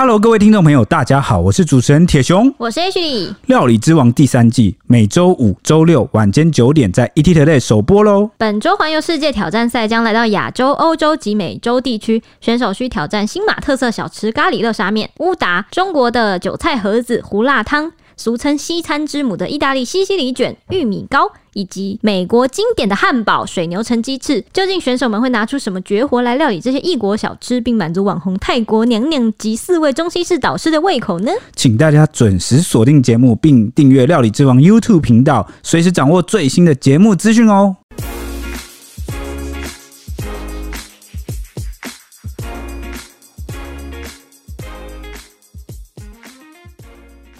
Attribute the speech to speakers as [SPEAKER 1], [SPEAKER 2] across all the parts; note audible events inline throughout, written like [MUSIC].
[SPEAKER 1] Hello，各位聽眾朋友，大家好，我是主持人鐵雄，
[SPEAKER 2] 我是 Ashley。
[SPEAKER 1] 料理之王第三季每周五、周六晚間九點在 ETtoday 首播嘍。
[SPEAKER 2] 本周環遊世界挑戰賽將來到亞洲、歐洲及美洲地區，選手需挑戰新馬特色小吃咖喱叻沙麵、烏達、中國的韭菜盒子、胡辣湯。俗稱西餐之母的意大利西西里卷、玉米糕，以及美國經典的漢堡、水牛城雞翅，究竟選手們會拿出什麼絕活來料理這些異國小吃，並滿足網紅泰國娘娘及四位中西式導師的胃口呢？
[SPEAKER 1] 請大家準時鎖定節目，並訂閱《料理之王》YouTube 頻道，隨時掌握最新的節目資訊哦。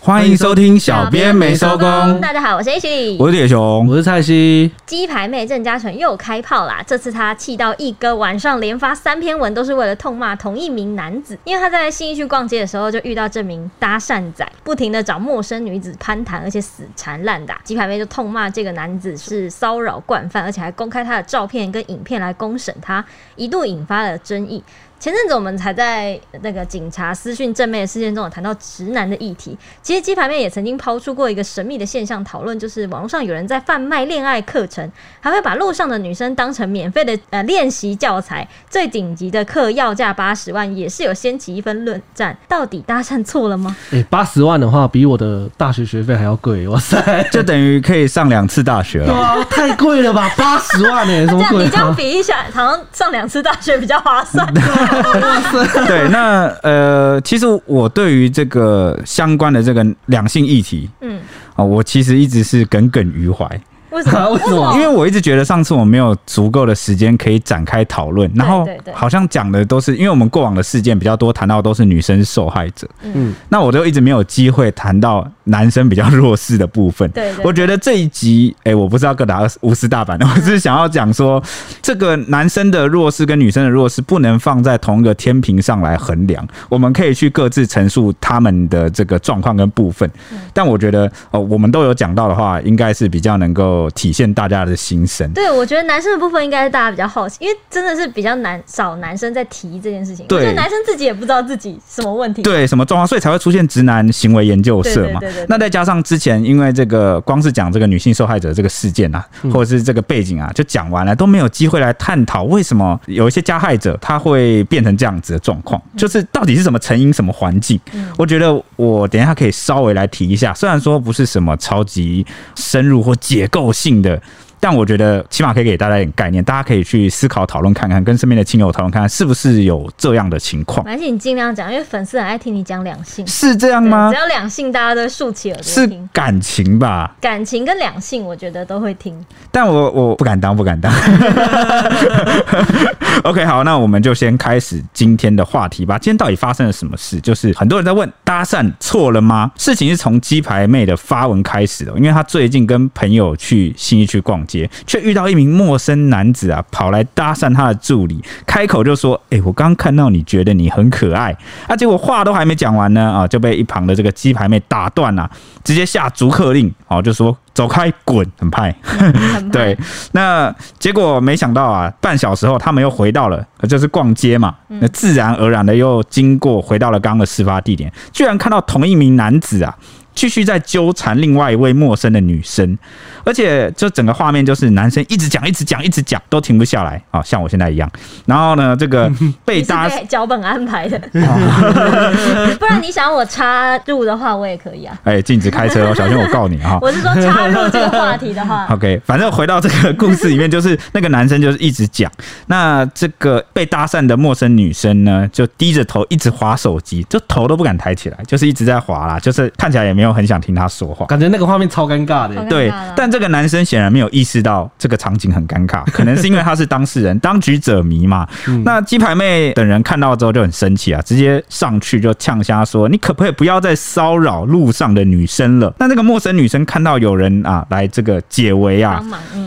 [SPEAKER 1] 歡迎收聽《小編沒收工》大收工，大家
[SPEAKER 2] 好，我是 H，我是
[SPEAKER 1] 鉄雄，我是蔡西。
[SPEAKER 2] 雞排妹鄭家純又開炮啦！這次他氣到一個晚上連發三篇文，都是為了痛罵同一名男子，因為他在信義區逛街的時候就遇到這名搭訕仔，不停的找陌生女子攀談，而且死纏爛打。雞排妹就痛罵這個男子是騷擾慣犯，而且還公開他的照片跟影片來公審他，一度引發了爭議。前陣子我們才在那個警察私訊正妹的事件中有談到直男的議題，其實雞排妹也曾經拋出過一個神秘的現象討論，就是網絡上有人在販賣戀愛課程，還會把路上的女生當成免費的呃練習教材，最頂級的課要價八十萬，也是有掀起一番論戰，到底搭訕錯了嗎？
[SPEAKER 3] 欸、八十萬的話比我的大學學費還要貴，哇塞，就
[SPEAKER 1] 等於可以上兩次大學了。
[SPEAKER 2] 哇，太貴了吧，
[SPEAKER 1] 八十萬呢、欸？什麼鬼、啊？你這樣
[SPEAKER 2] 比一下，好像上兩次大學比較划算。 [LAUGHS] [LAUGHS]
[SPEAKER 1] 對，那呃，其實我對於這個相關的這個兩性議題，嗯啊、呃，我其實一直是耿耿於懷。為什麼？為什麼 [LAUGHS] 因為我一直覺得上次我沒有足夠的時間可以展開討論，然後好像講的都是因為我們過往的事件比較多，談到都是女生受害者。嗯，那我就一直沒有機會談到男生比較弱勢的部分。對，對，對，我覺得這一集，哎、欸，我不知道各打，五十大板，我只是想要講說、嗯，這個男生的弱勢跟女生的弱勢不能放在同一個天平上來衡量。我們可以去各自陳述他們的這個狀況跟部分，但我覺得哦，我們都有講到的話，應該是比較能夠。體現大家的心聲，
[SPEAKER 2] 對我覺得男生的部分應該是大家比較好奇，因為真的是比較難找男生在提這件事情，對，因為男生自己也不知道自己什麼問題，對，
[SPEAKER 1] 什麼狀況，所以才會出現直男行為研究社嘛。對對對對對那再加上之前因為這個光是講這個女性受害者這個事件啊，或者是這個背景啊，就講完了，都沒有機會來探討為什麼有一些加害者他會變成這樣子的狀況，就是到底是什麼成因、什麼環境？我覺得我等一下可以稍微來提一下，雖然說不是什麼超級深入或解構。我信的。但我覺得起碼可以給大家一點概念，大家可以去思考討論看看，跟身邊的親友討論看看是不是有這樣的情況。而
[SPEAKER 2] 且你盡量講，因為粉絲很愛聽你講兩性，是這樣嗎？只要兩性，大家都豎起耳朵聽是。
[SPEAKER 1] 感情吧，
[SPEAKER 2] 感情跟兩性，我覺得都會聽。
[SPEAKER 1] 但我我不敢當，不敢當。 [LAUGHS] [LAUGHS] OK，好，那我們就先開始今天的話題吧。今天到底發生了什麼事？就是很多人在問，搭訕錯了嗎？事情是從雞排妹的發文開始的，因為她最近跟朋友去信義區逛，卻遇到一名陌生男子啊，跑來搭訕他的助理，開口就說：“哎、欸，我剛看到你覺得你很可愛。”啊，結果話都還沒講完呢，啊，就被一旁的這個雞排妹打斷了、啊，直接下逐客令，哦、啊，就說走開，滾，很派，很派。 [LAUGHS] 對，那結果沒想到啊，半小時後他們又回到了，就是逛街嘛，那自然而然的又經過回到了剛剛的事發地點，居然看到同一名男子啊。繼續在糾纏另外一位陌生的女生，而且就整個畫面就是男生一直講、一直講、一直講，都停不下來啊，像我現在一樣。然後呢，這個被搭
[SPEAKER 2] 腳本安排的，哦、 [LAUGHS] 不然你想我插入的話，我也可以
[SPEAKER 1] 啊。哎、欸，禁止開車哦，小心我告你啊、哦。我是
[SPEAKER 2] 說插入這個話題的話。
[SPEAKER 1] OK，反正回到這個故事裡面，就是那個男生就是一直講，那這個被搭訕的陌生女生呢，就低着頭一直滑手機，就頭都不敢抬起來，就是一直在滑啦，就是看起來也沒有。都很想聽他說話，感覺那個畫面超尷尬的。對，但這個男生顯然沒有意識到這個場景很尷尬，可能是因為他是當事人， [LAUGHS] 當局者迷嘛。那雞排妹等人看到之後就很生氣啊，直接上去就嗆聲說：「你可不可以不要再騷擾路上的女生了？」那那個陌生女生看到有人啊來這個解圍啊，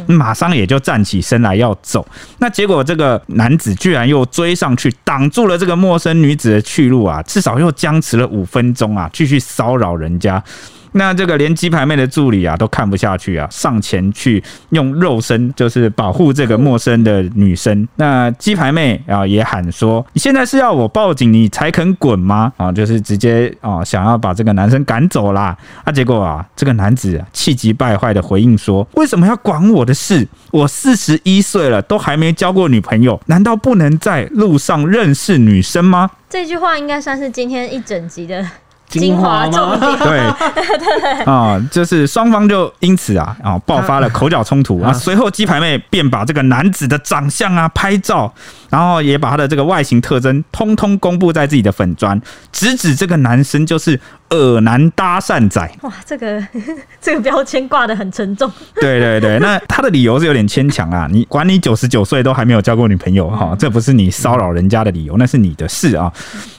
[SPEAKER 1] 馬上也就站起身來要走。那結果這個男子居然又追上去擋住了這個陌生女子的去路啊，至少又僵持了五分鐘啊，繼續騷擾人家。那這個連雞排妹的助理啊都看不下去啊，上前去用肉身就是保護這個陌生的女生。嗯、那雞排妹啊也喊說：“你現在是要我報警你才肯滾嗎？”啊，就是直接啊想要把這個男生趕走啦。啊，結果啊這個男子啊氣急敗壞的回應說：“為什麼要管我的事？我四十一歲了，都還沒交過女朋友，難道不能在路上認識女生嗎？”
[SPEAKER 2] 這句話應該算是今天一整集的。精華嗎？對，啊、 [LAUGHS]
[SPEAKER 1] 嗯，就是雙方就因此啊啊、嗯、爆發了口角衝突啊。隨後雞排妹便把這個男子的長相啊拍照。然後也把他的這個外形特徵通通公布在自己的粉專，直指這個男生就是“惡男搭訕仔”。
[SPEAKER 2] 哇，這個這個標籤掛得很沉重。
[SPEAKER 1] 對對對，那他的理由是有點牽強啊。你管你九十九歲都還沒有交過女朋友哈、哦，這不是你騷擾人家的理由，那是你的事啊。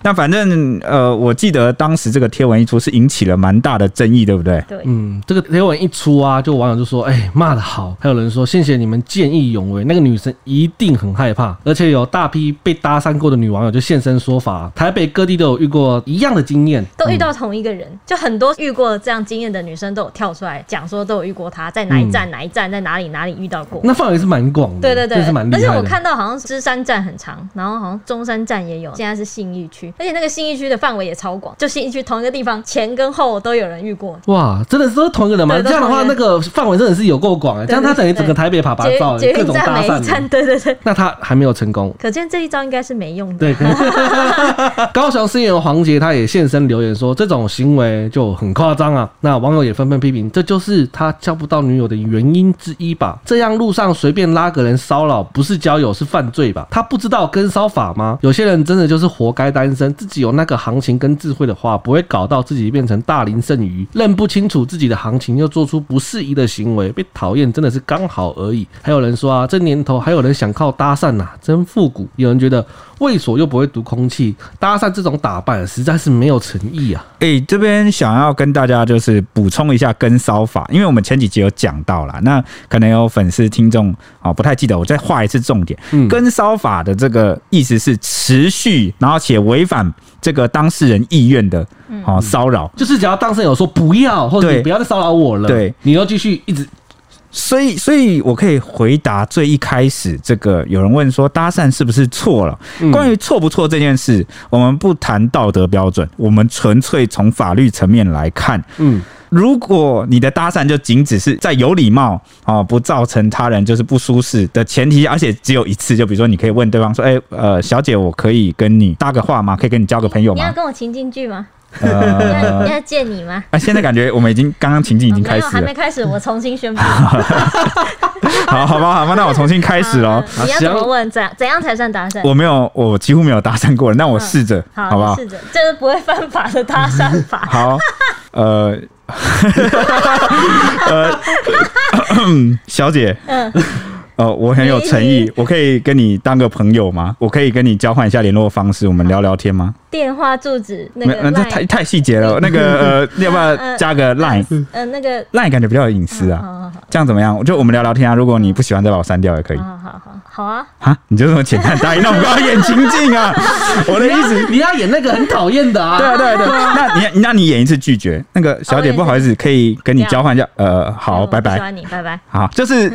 [SPEAKER 1] 那反正呃，我記得當時這個貼文一出是引起了蠻大的爭議，對不對？
[SPEAKER 3] 對，嗯，這個貼文一出啊，就網友就說：“哎，罵得好。”還有人說：“謝謝你們見義勇為，那個女生一定很害怕，而且有。”大批被搭訕過的女網友就現身說法，台北各地都有遇過一樣的經驗，都遇到
[SPEAKER 2] 同一個人，嗯、就很多遇過這樣經驗的女生都有跳出來講說都有遇過她在哪一站、嗯、哪一站在哪裡哪裡遇到過，那
[SPEAKER 3] 範圍是蠻廣的，對對對是，而且我看到
[SPEAKER 2] 好像是芝山站很長，然後好像中山站也有，現在是信義區，而且那個信義區的範圍也超廣，就信義區同一個地方前跟後都有人遇過，
[SPEAKER 3] 哇，真的是同一個人嗎？這樣的話那個範圍真的是有夠廣、欸、這樣他等於整個台北爬爬到、欸、各種搭訕、欸，對對，對對對，那他還沒有成功。
[SPEAKER 2] 可見這一招應該是沒用的。
[SPEAKER 3] 對， [LAUGHS] [LAUGHS] 高雄市議員黃捷他也現身留言說：“這種行為就很誇張啊！”那網友也紛紛批評，這就是他交不到女友的原因之一吧？這樣路上隨便拉個人騷擾，不是交友是犯罪吧？他不知道跟騷法嗎？有些人真的就是活該單身。自己有那個行情跟智慧的話，不會搞到自己變成大齡剩女。認不清楚自己的行情，又做出不適宜的行為，被討厭真的是剛好而已。還有人說啊，這年頭還有人想靠搭訕吶，真富。復古，有人覺得猥瑣又不會讀空氣，搭訕這種打扮實在是沒有
[SPEAKER 1] 誠意啊！誒、欸，這邊想要跟大家就是補充一下跟騷法，因為我們前幾集有講到啦，那可能有粉絲聽眾啊、哦、不太記得，我再畫一次重點。嗯、跟騷法的這個意思是持續，然後且違反這個當事人意願的，啊騷擾，就是只要當事人有說不要，或者你不要再騷擾我了，對，對你要繼續一直。所以，所以我可以回答最一開始這個有人問說搭訕是不是錯了？嗯、關於錯不錯這件事，我們不談道德標準，我們純粹從法律層面來看。嗯，如果你的搭訕就僅只是在有禮貌啊，不造成他人就是不舒適的前提，而且只有一次，就比如說你可以問對方說，誒、欸，呃，小姐，我可以跟你搭個話嗎？可以跟你交個朋友嗎？你，你
[SPEAKER 2] 要跟我請進去嗎？呃、要，要見你嗎？啊、呃，現
[SPEAKER 1] 在感覺我們已經剛剛情境已經開始了、哦，沒
[SPEAKER 2] 還沒開始，我重新宣布。
[SPEAKER 1] [LAUGHS] 好好吧，好吧，那我重新開始嘍、嗯。你要怎麼
[SPEAKER 2] 問怎怎樣才算搭訕？我
[SPEAKER 1] 沒有，我幾乎沒有搭訕過，那我試着、嗯，好吧，試
[SPEAKER 2] 着這是不會犯法的搭訕
[SPEAKER 1] 法。 [LAUGHS] 好，呃， [LAUGHS] [LAUGHS] 呃， [LAUGHS] 小姐。嗯哦，我很有誠意，我可以跟你當個朋友嗎？我可以跟你交換一下聯絡方式，我們聊聊天嗎？
[SPEAKER 2] 電話住址，那那這呃、太太
[SPEAKER 1] 細節了。那個呃，呃要不要加個 Line？嗯、呃呃，那個 Line 感覺比較有隱私啊、哦哦哦哦哦。這樣怎麼樣？就我們聊聊天啊。如果你不喜歡，再把我刪掉也可以。哦哦哦、好好好，啊。啊，你就這麼簡單答應？ [LAUGHS] 那我不要演
[SPEAKER 3] 情境啊！ [LAUGHS] 我的意思， [LAUGHS] 你要演那個很討厭的啊， [LAUGHS] 啊。對啊，對啊，對
[SPEAKER 1] [LAUGHS] 那你那你演一次拒絕。那個小姐、哦、不好意思，可以跟你交換一下。呃，好，拜、嗯、拜。
[SPEAKER 2] 喜歡你，拜拜。好，就
[SPEAKER 1] 是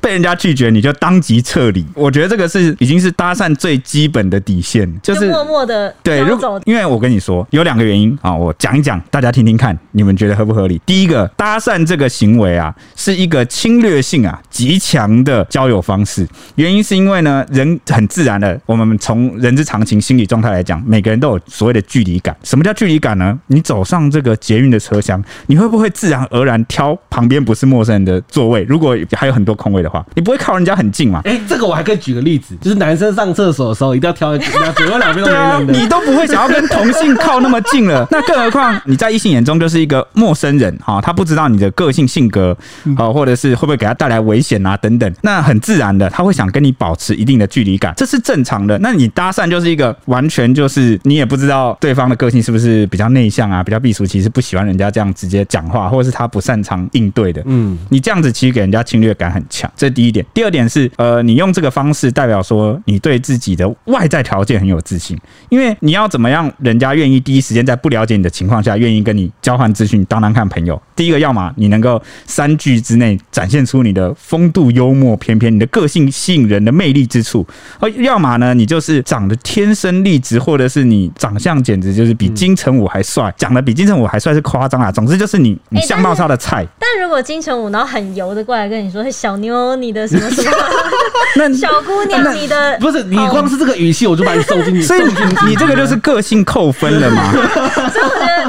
[SPEAKER 1] 被人家拒。覺你就當即撤離，我覺得這個是已經是搭訕最基本的底線，就是默默
[SPEAKER 2] 的對。如果
[SPEAKER 1] 因為我跟你說有兩個原因啊，我講一講，大家聽聽看，你們覺得合不合理？第一個，搭訕這個行為啊，是一個侵略性啊極強的交友方式。原因是因為呢，人很自然的，我們從人之常情、心理狀態來講，每個人都有所謂的距離感。什麼叫距離感呢？你走上這個捷運的車廂，你會不會自然而然挑旁邊不是陌生人的座位？如果還有很多空位的話，你不會。靠人家很近嘛。
[SPEAKER 3] 哎、欸，這個我還可以舉個例子，就是男
[SPEAKER 1] 生上廁所的時候一定要挑那左右兩邊都沒人的，啊，你都不會想要跟同性靠那麼近了。 [LAUGHS] 那更何況你在異性眼中就是一個陌生人啊，哦，他不知道你的個性性格啊，哦，或者是會不會給他帶來危險啊等等。那很自然的，他會想跟你保持一定的距離感，這是正常的。那你搭訕就是一個完全就是你也不知道對方的個性是不是比較內向啊，比較避俗，其實不喜歡人家這樣直接講話，或者是他不擅長應對的。嗯，你這樣子其實給人家侵略感很強，這是第一點。第二點是，呃，你用這個方式代表說你對自己的外在條件很有自信，因為你要怎麼樣人家願意第一時間在不了解你的情況下，願意跟你交換資訊，當然看朋友。第一個，要麼你能夠三句之內展現出你的風度、幽默、翩翩，你的個性、吸引人的魅力之處；而要麼呢，你就是長得天生麗質，或者是你長相簡直就是比金城武還帥，講、嗯、的比金城武還帥是誇張啊。總之就是你，你相貌差的菜。欸、但，
[SPEAKER 2] 但如果金城武然後很油的過來跟你說小妞，你的什麼。 [LAUGHS] [LAUGHS] 小姑娘，你
[SPEAKER 1] 的不是你光是這個語氣，我就把你收進去。 [LAUGHS] 所以你你這個就是個性扣分了嘛？ [LAUGHS] 所以我覺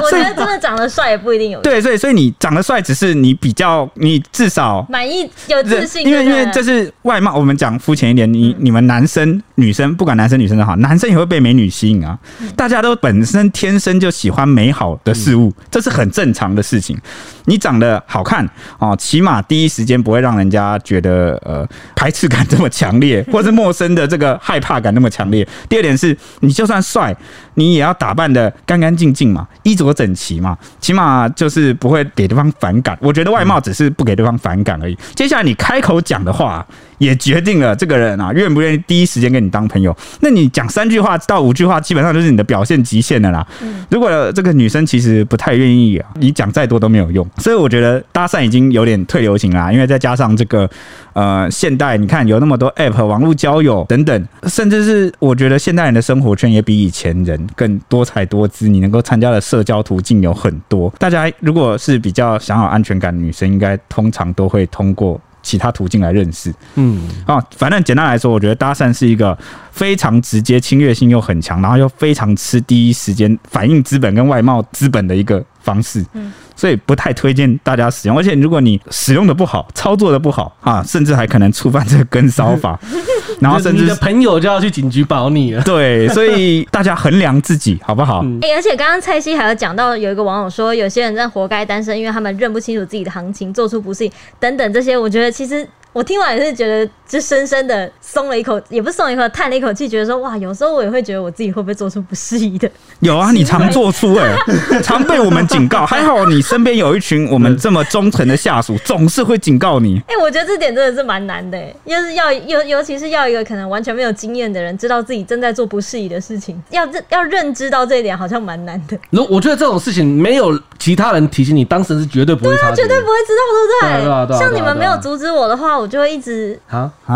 [SPEAKER 2] 得我覺得真的長得帥也不一定有。對，
[SPEAKER 1] 所以所以你長得帥只是你比較你至少
[SPEAKER 2] 滿意有自信，因為因為這是
[SPEAKER 1] 外貌。我們講膚淺一點，你你們男生女生不管男生女生都好，男生也會被美女吸引啊。大家都本身天生就喜歡美好的事物，嗯、這是很正常的事情。你長得好看哦，起碼第一時間不會讓人家覺得呃。排斥感這麼強烈，或是陌生的這個害怕感那麼強烈。 [LAUGHS] 第二點是你就算帥，你也要打扮得干干淨淨嘛，衣着整齊嘛，起碼就是不會給對方反感。我覺得外貌只是不給對方反感而已。嗯。接下來你開口講的話、啊。也決定了這個人啊，願不願意第一時間跟你當朋友。那你講三句話到五句話，基本上就是你的表現極限了啦。嗯。如果這個女生其實不太願意啊，你講再多都沒有用。所以我覺得搭訕已經有點退流行啦啊，因為再加上這個呃現代，你看有那麼多 APP 和網絡交友等等，甚至是我覺得現代人的生活圈也比以前人更多彩多姿。你能夠參加的社交途徑有很多。大家如果是比較想好安全感的女生應該通常都會通過，其他途徑來認識，嗯啊、哦，反正簡單來說，我覺得搭訕是一個非常直接、侵略性又很強，然後又非常吃第一時間反應資本跟外貌資本的一個方式，嗯。所以不太推薦大家使用，而且如果你使用的不好，操作的不好啊，甚至還可能觸犯這個跟騷法、嗯，然後甚至、就是、你的朋友就要去警局保你了。對，所以大家衡量自己，好不好？哎、
[SPEAKER 2] 嗯，而且剛剛蔡西還有講到，有一個網友說，有些人在活該單身，因為他們認不清楚自己的行情，做出不適應等等這些。我覺得其實我聽完也是覺得，就深深的鬆了一口，也不鬆一口，嘆了一口氣，覺得說哇，有時候我也會覺得我自己會不會做出不適宜的？
[SPEAKER 1] 有啊，你常做出哎、欸， [LAUGHS] 常被我們警告，還好你。身邊有一群我們這麼忠誠的下屬，總是會警告你。 [LAUGHS] 哎、
[SPEAKER 2] 欸，我覺得這點真的是蠻難的、欸，要是要尤尤其是要一個可能完全沒有經驗的人，知道自己正在做不適宜的事情，要要認知到這一點，好像蠻難的。
[SPEAKER 1] 如、嗯、我
[SPEAKER 3] 覺得這種事情沒有其他人提醒你，當時是絕對不會，對啊，絕對
[SPEAKER 2] 不會知道，對不對？對啊，對啊，對啊，對啊，像你們沒有阻止我的話，我就會一直啊啊，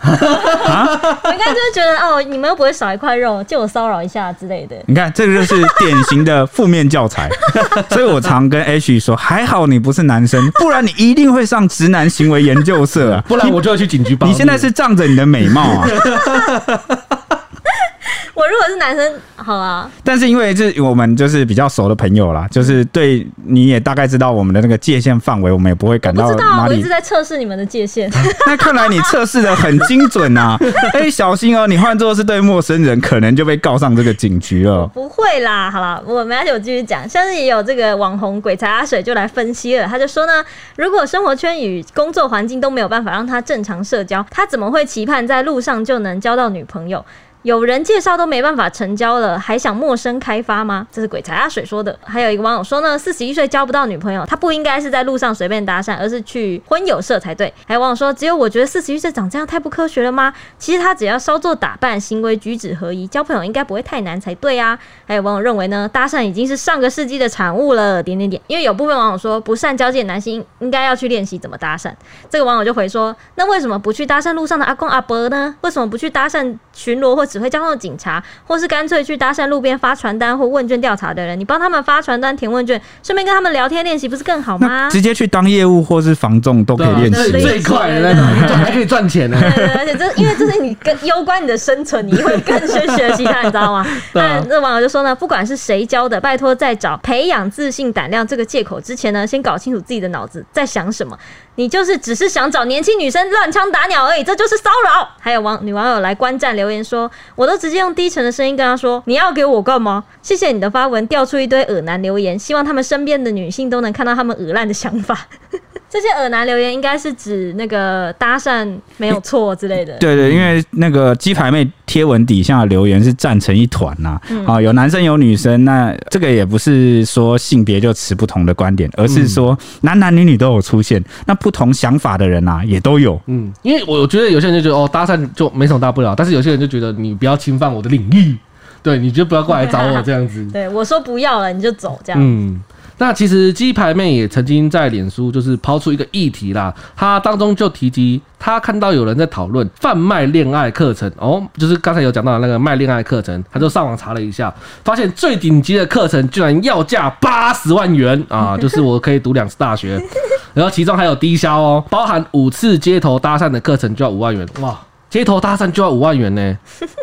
[SPEAKER 1] 啊啊 [LAUGHS] 我
[SPEAKER 2] 應該就會覺得哦，你們又不會少一塊肉，借我騷擾一下之類的。
[SPEAKER 1] 你看，這個就是典型的負面教材， [LAUGHS] [LAUGHS] 所以我常跟。欸說還好你不是男生，不然你一定會上直男行為研究社啊， [LAUGHS] 不然我就要去警局報你。現在是仗着你的美貌啊。 [LAUGHS]
[SPEAKER 2] [LAUGHS] 我如果是男生，好啊。
[SPEAKER 1] 但是因為是我們就是比較熟的朋友啦，就是對你也大概知道我們的那個界限範圍，我們也不會感到我不知道、啊。我一直
[SPEAKER 2] 在測試你們的界限。 [LAUGHS] 那看來你測試的很精準啊！哎、 [LAUGHS] 欸，
[SPEAKER 1] 小心哦、喔！你換作是對陌生人，可能就被告上這個警局了。不
[SPEAKER 2] 會啦，好了，我們而且我繼續講，像是也有這個網紅鬼才阿水就來分析了，他就說呢，如果生活圈與工作環境都沒有辦法讓他正常社交，他怎麼會期盼在路上就能交到女朋友？有人介紹都沒辦法成交了，還想陌生開發嗎？這是鬼才阿水說的。還有一個網友說呢，四十一歲交不到女朋友，他不應該是在路上隨便搭訕，而是去婚友社才對。還有網友說，只有我覺得四十一歲長這樣太不科學了嗎？其實他只要稍作打扮，行為舉止合一，交朋友應該不會太難才對啊。還有網友認為呢，搭訕已經是上個世紀的產物了。點點點，因為有部分網友說不善交際的男性應該要去練習怎麼搭訕，這個網友就回說，那為什麼不去搭訕路上的阿公阿伯呢？為什麼不去搭訕巡邏或？指揮交通的警察，或是乾脆去搭訕路邊發傳單或問卷調查的人，你幫他們發傳單、填問卷，順便跟他們聊天練習，不是更好嗎？直
[SPEAKER 1] 接去當業務或是房仲都可以練習，啊，最快的那種，還可以賺錢呢。而
[SPEAKER 2] 且這因為這是你跟攸關你的生存，你會更先學習， [LAUGHS] 你知道嗎？那網友就說呢，不管是誰教的，拜託在找培養自信膽量這個借口之前呢，先搞清楚自己的腦子在想什麼。你就是只是想找年輕女生亂槍打鳥而已，這就是騷擾。還有網女網友來觀戰留言說，我都直接用低沉的聲音跟他說，你要給我幹嘛？謝謝你的發文，調出一堆噁男留言，希望他們身邊的女性都能看到他們噁爛的想法。 [LAUGHS] 這些耳男留言應該是指那個搭訕沒有錯之類的，嗯。對對，因
[SPEAKER 1] 為那個雞排妹貼文底下的留言是戰成一團吶，啊嗯，啊，有男生有女生，那這個也不是說性別就持不同的觀點，而是說男男女女都有出現，那不同想法的人吶，啊，也都有。
[SPEAKER 2] 嗯，因為
[SPEAKER 3] 我覺得有些人就覺得哦搭訕就沒什麼大不了，但是有些人就覺得你不要侵犯我的領域，對，你就不要過來找我 okay, 這樣子。對，
[SPEAKER 2] 我說不要了你就走這樣嗯。
[SPEAKER 3] 那其實雞排妹也曾經在臉書就是拋出一個議題啦，她當中就提及她看到有人在討論販賣戀愛課程哦，就是剛才有講到那個賣戀愛課程，她就上網查了一下，發現最頂級的課程居然要價八十萬元啊，就是我可以讀兩次大學，然後其中還有低消哦，包含五次街頭搭訕的課程就要五萬元哇。街頭搭訕就要五萬元呢、欸，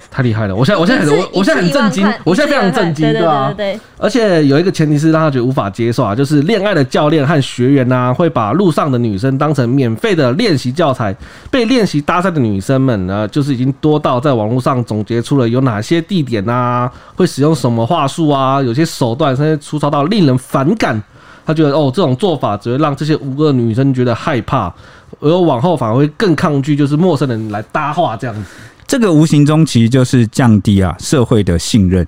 [SPEAKER 3] 太厲害了！我現我現在很我我現在很震驚，我現在非常震驚，對吧、啊？而且有一個前提是讓他覺得無法接受啊，就是戀愛的教練和學員啊，會把路上的女生當成免費的練習教材。被練習搭訕的女生們呢，就是已經多到在網絡上總結出了有哪些地點啊，會使用什麼話術啊，有些手段甚至粗糙到令人反感。他覺得哦，這種做法只會讓這些無辜的女生覺得害怕，而我往後反而會更抗拒，就是陌生人來搭話這樣子。
[SPEAKER 1] 這個無形中其實就是降低啊社會的信任。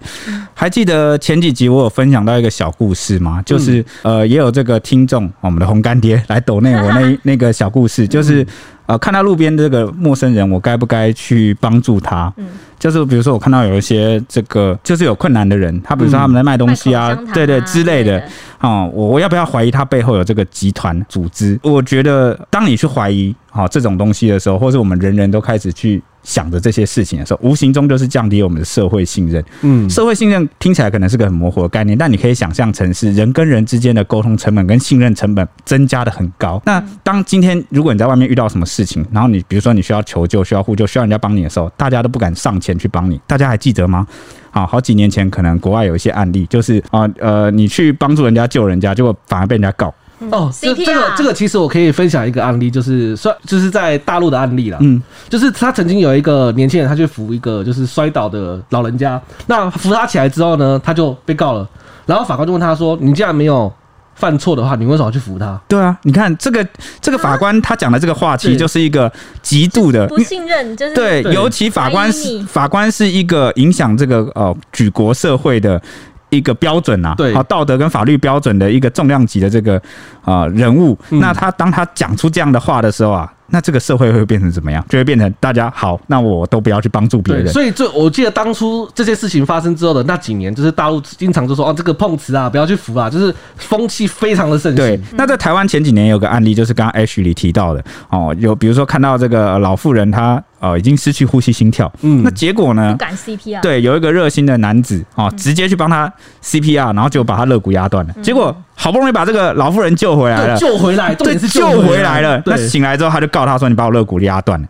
[SPEAKER 1] 還記得前幾集我有分享到一個小故事嗎？就是、嗯、呃，也有這個聽眾，我們的紅乾爹來抖內我那 [LAUGHS] 那個小故事，就是。嗯嗯啊、呃，看到路邊這個陌生人，我該不該去幫助他，嗯？就是比如說，我看到有一些這個就是有困難的人，他比如說他們在賣東西啊，嗯、對對，對之類的啊，我、嗯、我要不要懷疑他背後有這個集團組織？我覺得，當你去懷疑啊、哦、這種東西的時候，或者我們人人都開始去。想着這些事情的時候，無形中就是降低我們的社會信任。嗯，社會信任聽起來可能是個很模糊的概念，但你可以想象成是人跟人之間的溝通成本跟信任成本增加的很高。那當今天如果你在外面遇到什麼事情，然後你比如說你需要求救、需要呼救、需要人家幫你的時候，大家都不敢上前去幫你。大家還記得嗎？啊，好幾年前可能國外有一些案例，就是啊呃，你去幫助人家救人家，結果反而被人家告。
[SPEAKER 3] 哦，嗯、這這個這個，這
[SPEAKER 1] 個、其實我可以分享一個案例，
[SPEAKER 3] 就是說，就是在大陸的案例了。嗯，就是他曾經有一個年輕人，他去扶一個就是摔倒的老人家，那扶他起來之後呢，他就被告了。然後法官就問他說：“你既然沒有犯錯的話，你為什麼要去扶他？”對啊，你看這個這個法官他
[SPEAKER 1] 講的這個話，其實就是一個極度的、嗯就是、不信
[SPEAKER 2] 任，就是對，尤其法官是
[SPEAKER 1] 法官是一個影響這個哦舉國社會的。一個標準吶，啊，道德跟法律標準的一個重量級的這個啊人物，那他當他講出這樣的話的時候啊。那這個社會會變成怎麼樣？就會變成大家好，那我都不要去幫助別人。對，所以
[SPEAKER 3] 這我記得當初這些事情發生之後的那幾年，就是大陸經常就說哦，這個碰瓷啊，不要去
[SPEAKER 1] 扶啊，就是風氣非常的盛行。對，那在台灣前幾年有個案例，就是剛剛 Ashley 提到的哦，有比如說看到這個老婦人他，她、呃、已經失去呼吸心跳，嗯，那結果呢？不敢 CPR。對，有一個熱心的男子哦，直接去幫他 CPR，然後就把他肋骨壓斷了、嗯，結果。好不容易把這個老婦人救回來了，對，救回來，對，對救回來了，回來了。那醒來之後，他就告他說：“你把我肋骨壓斷了。”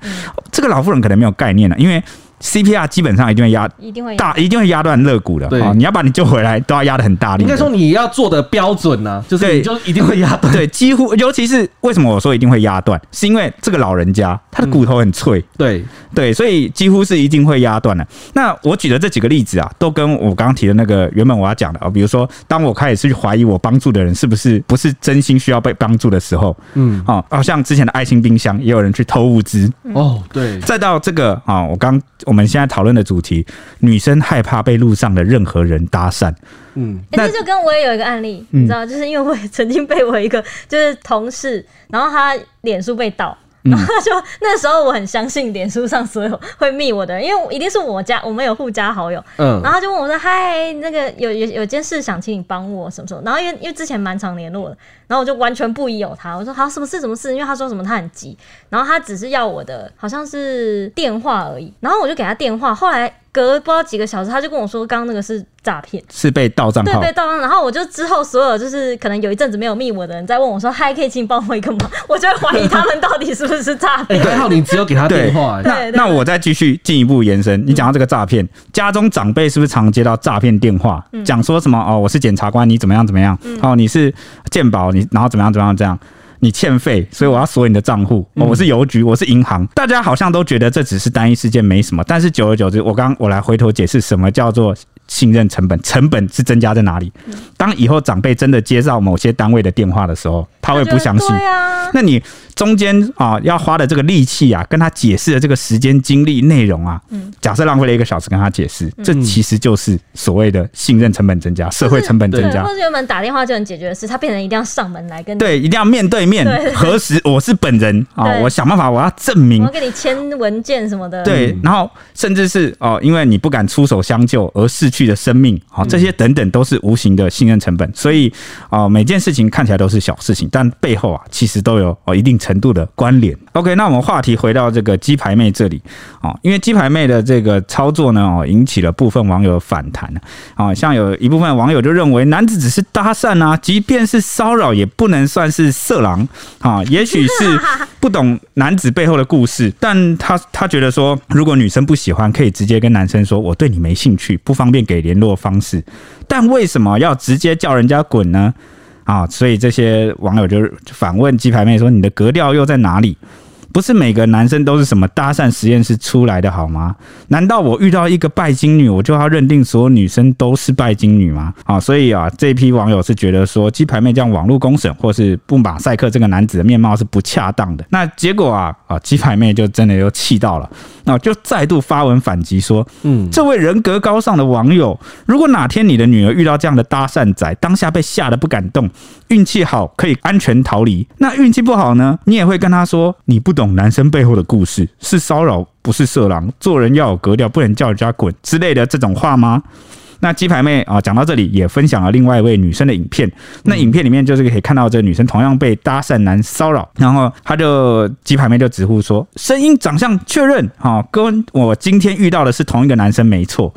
[SPEAKER 1] 這個老婦人可能沒有概念了，因為。CPR 基本上一定會壓，一定會大，一定會壓斷肋骨的，肋骨的。你要把你救回來，都要壓得很大力。應該說你要做的標準呢、啊，就是你就一定會壓斷。對，幾乎尤其是為什麼我說一定會壓斷，是因為這個老人家他的骨頭很脆。嗯、對對，所以幾乎是一定會壓斷的。那我舉的這幾個例子啊，都跟我剛剛提的那個原本我要講的，比如說當我開始去懷疑我幫助的人是不是不是真心需要被幫助的時候，嗯啊、哦、像之前的愛心冰箱也有人去偷物資、嗯、哦，對。再到這個啊、哦，我剛。我們現在討論的主題：女生害怕被路上的任何人搭訕。
[SPEAKER 2] 嗯，那、欸、就跟我也有一個案例，嗯、你知道，就是因為我曾經被我一個就是同事，然後他臉書被盜。嗯、然後他就那時候，我很相信臉書上所有會密我的人，因為一定是我加我們有互加好友。嗯，然後他就問我說：“哦、嗨，那個有有有件事想請你幫我什麼什麼。”然後因為因為之前蠻常聯絡的，然後我就完全不疑有他。我說：“好，什麼事？什麼事？”因為他說什麼他很急，然後他只是要我的好像是電話而已，然後我就給他電話。後來。隔不知道幾個小時，他就跟我說：“剛剛那個是詐騙，
[SPEAKER 1] 是被盜帳號，對，被
[SPEAKER 2] 盜帳號。”然後我就之後所有就是可能有一陣子沒有密我的人在問我說：“嗨， [LAUGHS] 可以請你幫我一個忙？”我就會懷疑他們到底是不是詐騙。然後你只有給他
[SPEAKER 1] 電話，那那我再繼續進一步延伸。嗯、你講到這個詐騙，家中長輩是不是常接到詐騙電話？講、嗯、說什麼哦？我是檢察官，你怎麼樣怎麼樣？嗯、哦，你是健保，你然後怎麼樣怎麼樣這樣？你欠費，所以我要鎖你的賬戶、哦。我是郵局，我是銀行、嗯，大家好像都覺得這只是單一事件，沒什麼。但是久而久之，我剛我來回頭解釋，什麼叫做信任成本？成本是增加在哪裡？嗯、當以後長輩真的接到某些單位的電話的時候，他會不相信、對啊。那你。中間啊，要花的這個力氣啊，跟他解釋的這個時間、精力、內容啊，嗯、假設浪費了一個小時跟他解釋、嗯，這其實就是所謂的信任成本增加、社會成本增加。或
[SPEAKER 2] 原本打電話就能解決的事，他變成一定要上門來跟你，對，
[SPEAKER 1] 一定要面對面核實我是本人啊！我想辦法，我要證明，我給
[SPEAKER 2] 你簽文件什麼的。對，
[SPEAKER 1] 然後甚至是哦，因為你不敢出手相救而失去的生命啊，這些等等都是無形的信任成本。所以啊，每件事情看起來都是小事情，但背後啊，其實都有哦一定程。程度的關聯。OK，那我們話題回到這個雞排妹這裡啊，因為雞排妹的這個操作呢，哦，引起了部分網友的反彈啊，像有一部分網友就認為，男子只是搭訕啊，即便是騷擾也不能算是色狼啊，也許是不懂男子背後的故事，但他他覺得說，如果女生不喜歡，可以直接跟男生說，我對你沒興趣，不方便給聯絡方式，但為什麼要直接叫人家滾呢？啊，所以這些網友就是反問雞排妹說：“你的格調又在哪裡？不是每個男生都是什麼搭訕實驗室出來的好嗎？難道我遇到一個拜金女，我就要認定所有女生都是拜金女嗎？”啊，所以啊，這一批網友是覺得說雞排妹這樣網絡公審或是不馬賽克這個男子的面貌是不恰當的。那結果啊，啊，雞排妹就真的又氣到了。那就再度發文反擊說：“嗯，這位人格高尚的網友，如果哪天你的女兒遇到這樣的搭訕仔，當下被嚇得不敢動，運氣好可以安全逃離，那運氣不好呢？你也會跟她說，你不懂男生背後的故事，是騷擾，不是色狼，做人要有格調，不能叫人家滾之類的這種話嗎？”那雞排妹啊，講到這裡也分享了另外一位女生的影片。那影片裡面就是可以看到，這個女生同樣被搭訕男騷擾，然後她就雞排妹就直呼說：“聲音、長相確認啊，跟我今天遇到的是同一個男生沒，沒錯。”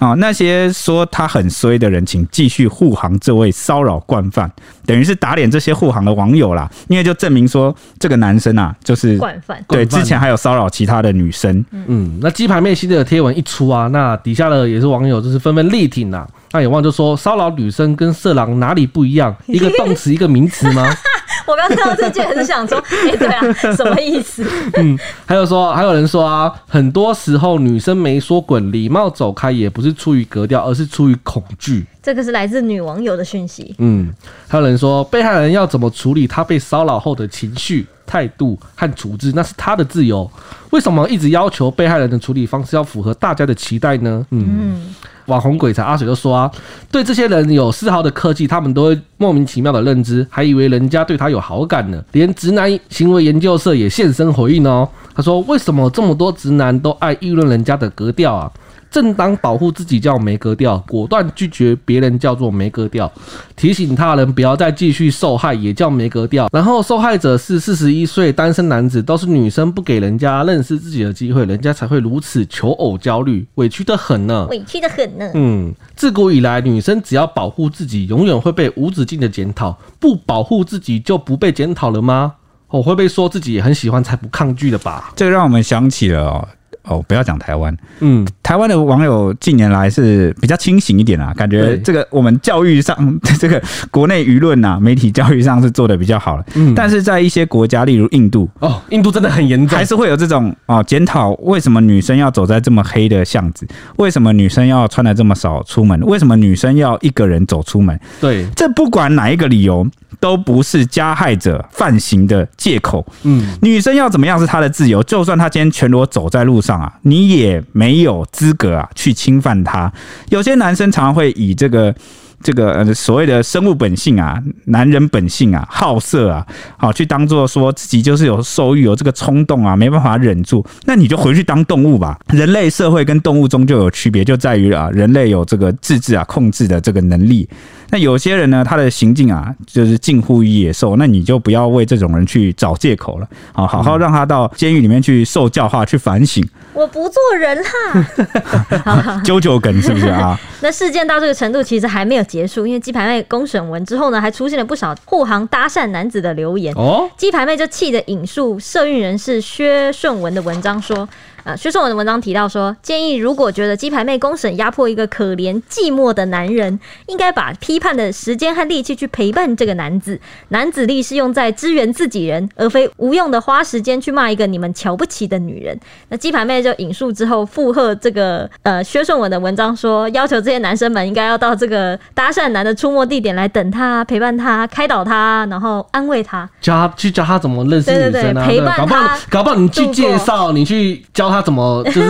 [SPEAKER 1] 啊、哦，那些說他很衰的人，請繼續護航這位騷擾慣犯，等於是打臉這些護航的網友啦，因為就證明說這個男生啊，就是慣犯，對，慣犯，之前還有騷擾其他的女生。嗯，那雞排妹系列的貼文一出
[SPEAKER 3] 啊，那底下的也是網友就是紛紛力挺啦、啊。那有網友就說，騷擾女生跟色狼哪裡不一樣？一個動詞，一個名詞嗎？ [LAUGHS]
[SPEAKER 2] 我剛剛聽
[SPEAKER 3] 到這句很想說，怎、欸、對啊，什麼意思？嗯，還有說，還有人說、啊，很多時候女生沒說滾，禮貌走開，也不是出於格調，而是出於恐懼。
[SPEAKER 2] 這個是來自女網友的訊息。嗯，
[SPEAKER 3] 還有人說，被害人要怎麼處理她被騷擾後的情緒？態度和處置那是他的自由，為什麼一直要求被害人的處理方式要符合大家的期待呢？嗯，嗯，網紅鬼才阿水就說啊，對這些人有絲毫的客氣，他們都會莫名其妙的認知，還以為人家對他有好感呢。連直男行為研究社也現身回應哦、喔，他說，為什麼這麼多直男都愛議論人家的格調啊？正當保護自己叫沒格調，果斷拒絕別人叫做沒格調，提醒他人不要再繼續受害也叫沒格調。然後受害者是四十一歲單身男子，都是女生不給人家認識自己的機會，人家才會如此求偶焦慮，委屈得很呢，
[SPEAKER 2] 委屈得很呢。嗯，
[SPEAKER 3] 自古以來，女生只要保護自己，永遠會被無止境的檢討；不保護自己，就不被檢討了嗎？哦，會被說自己也很喜歡才不抗拒的吧？這讓
[SPEAKER 1] 我們想起了哦，哦不要講台灣，嗯。台灣的網友近年來是比較清醒一點啊，感覺這個我們教育上，這個國內輿論啊，媒體教育上是做得比較好了。嗯，但是在一些國家，例如印度，哦，印度真的很嚴重，還是會有這種哦，檢討為什麼女生要走在這麼黑的巷子，為什麼女生要穿得這麼少出門，為什麼女生要一個人走出門？對，這不管哪一個理由，都不是加害者犯行的借口。嗯，女生要怎麼樣是她的自由，就算她今天全裸走在路上啊，你也沒有資格啊，去侵犯他。有些男生常，常會以這個、這個呃所謂的生物本性啊，男人本性啊，好色啊，好、哦、去當作說自己就是有獸慾、有這個衝動啊，沒辦法忍住，那你就回去當動物吧。人類社會跟動物中就有區別，就在於啊，人類有這個自制啊、控制的這個能力。那有些人呢，他的行徑啊，就是近乎於野獸，那你就不要為這種人去找借口了，好好好，讓他到監獄裡面去受教化、去反省。
[SPEAKER 2] 我不做人啦、啊，
[SPEAKER 1] 糾 [LAUGHS] 糾梗，梗是不是啊？ [LAUGHS]
[SPEAKER 2] 那事件到這個程度，其實還沒有結束，因為雞排妹公審文之後呢，還出現了不少護航搭訕男子的留言。哦，雞排妹就氣得引述社運人士薛順文的文章說。啊，薛順文的文章提到說，建議如果覺得雞排妹公審壓迫一個可憐寂寞的男人，應該把批判的時間和力氣去陪伴這個男子。男子力是用在支援自己人，而非無用的花時間去罵一個你們瞧不起的女人。那雞排妹就引述之後附和這個呃薛順文的文章說，要求這些男生們應該要到這個搭訕男的出沒地點來等他，陪伴他，開導他，然後安慰他，
[SPEAKER 3] 教他去教他怎麼認識女生啊，對，對，對，陪伴他，搞不好，搞不好你去介紹，你去教。他怎麼就是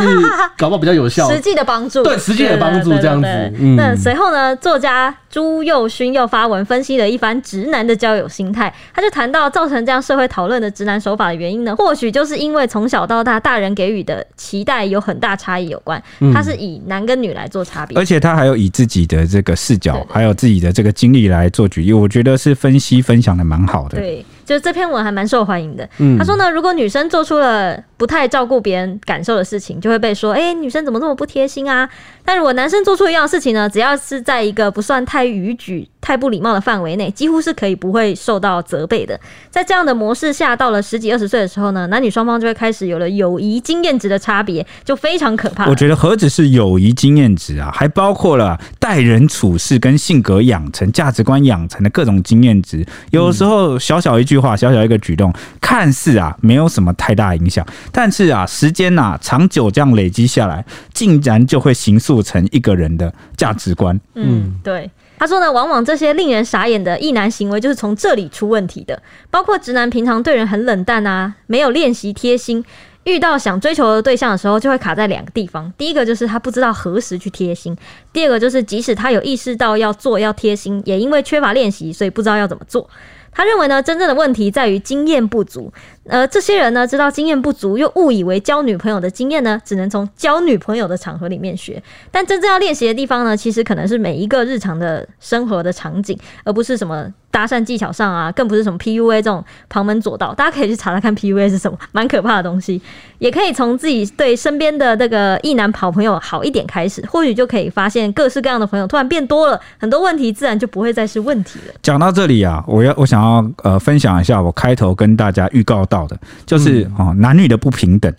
[SPEAKER 3] 搞不好比較有效？ [LAUGHS] 實際的
[SPEAKER 2] 幫助，對，實際的幫助這樣子。對對對對對嗯、那隨後呢，作家朱宥勳又發文分析了一番直男的交友心態。他就談到造成這樣社會討論的直男手法的原因呢，或許就是因為從小到大，大人給予的期待有很大差異有關、嗯。他是以男跟女來做差別，而且
[SPEAKER 1] 他還有以自己的這個視角，對對對還有自己的這個經歷來做舉例。我覺得是分析分享的蠻好的。
[SPEAKER 2] 對。就是這篇文還蠻受歡迎的。他說呢，如果女生做出了不太照顧別人感受的事情，就會被說：“哎、欸，女生怎麼這麼不貼心啊？”但如果男生做出一樣的事情呢，只要是在一個不算太逾矩，太不禮貌的範圍內，幾乎是可以不會受到責備的。在這樣的模式下，到了十幾二十歲的時候呢，男女雙方就會開始有了友誼經驗值的差別，就非常可怕。我覺得
[SPEAKER 1] 何止是友誼經驗值啊，還包括了待人處事跟性格養成、價值觀養成的各種經驗值。有時候小小一句話、小小一個舉動，看似啊沒有什麼太大影響，但是啊時間啊長久這樣累積下來，竟然就會形塑成一個人的價值觀。嗯，
[SPEAKER 2] 對。他說呢，往往這些令人傻眼的異男行為就是從這裡出問題的，包括直男平常對人很冷淡啊，沒有練習貼心，遇到想追求的對象的時候就會卡在兩個地方，第一個就是他不知道何時去貼心，第二個就是即使他有意識到要做要貼心，也因為缺乏練習，所以不知道要怎麼做。他認為呢，真正的問題在於經驗不足，而、呃、這些人呢，知道經驗不足，又誤以為交女朋友的經驗呢，只能從交女朋友的場合裡面學，但真正要練習的地方呢，其實可能是每一個日常的生活的場景，而不是什麼。搭訕技巧上啊，更不是什麼 PUA 這種旁門左道。大家可以去查查看 PUA 是什麼，蠻可怕的東西。也可以從自己對身邊的那個異男跑朋友好一點開始，或許就可以發現各式各樣的朋友突然變多了，很多問題自然就不會再是問題
[SPEAKER 1] 了。講到這裡啊，我要我想要呃分享一下，我開頭跟大家預告到的，就是哦、嗯、男女的不平等。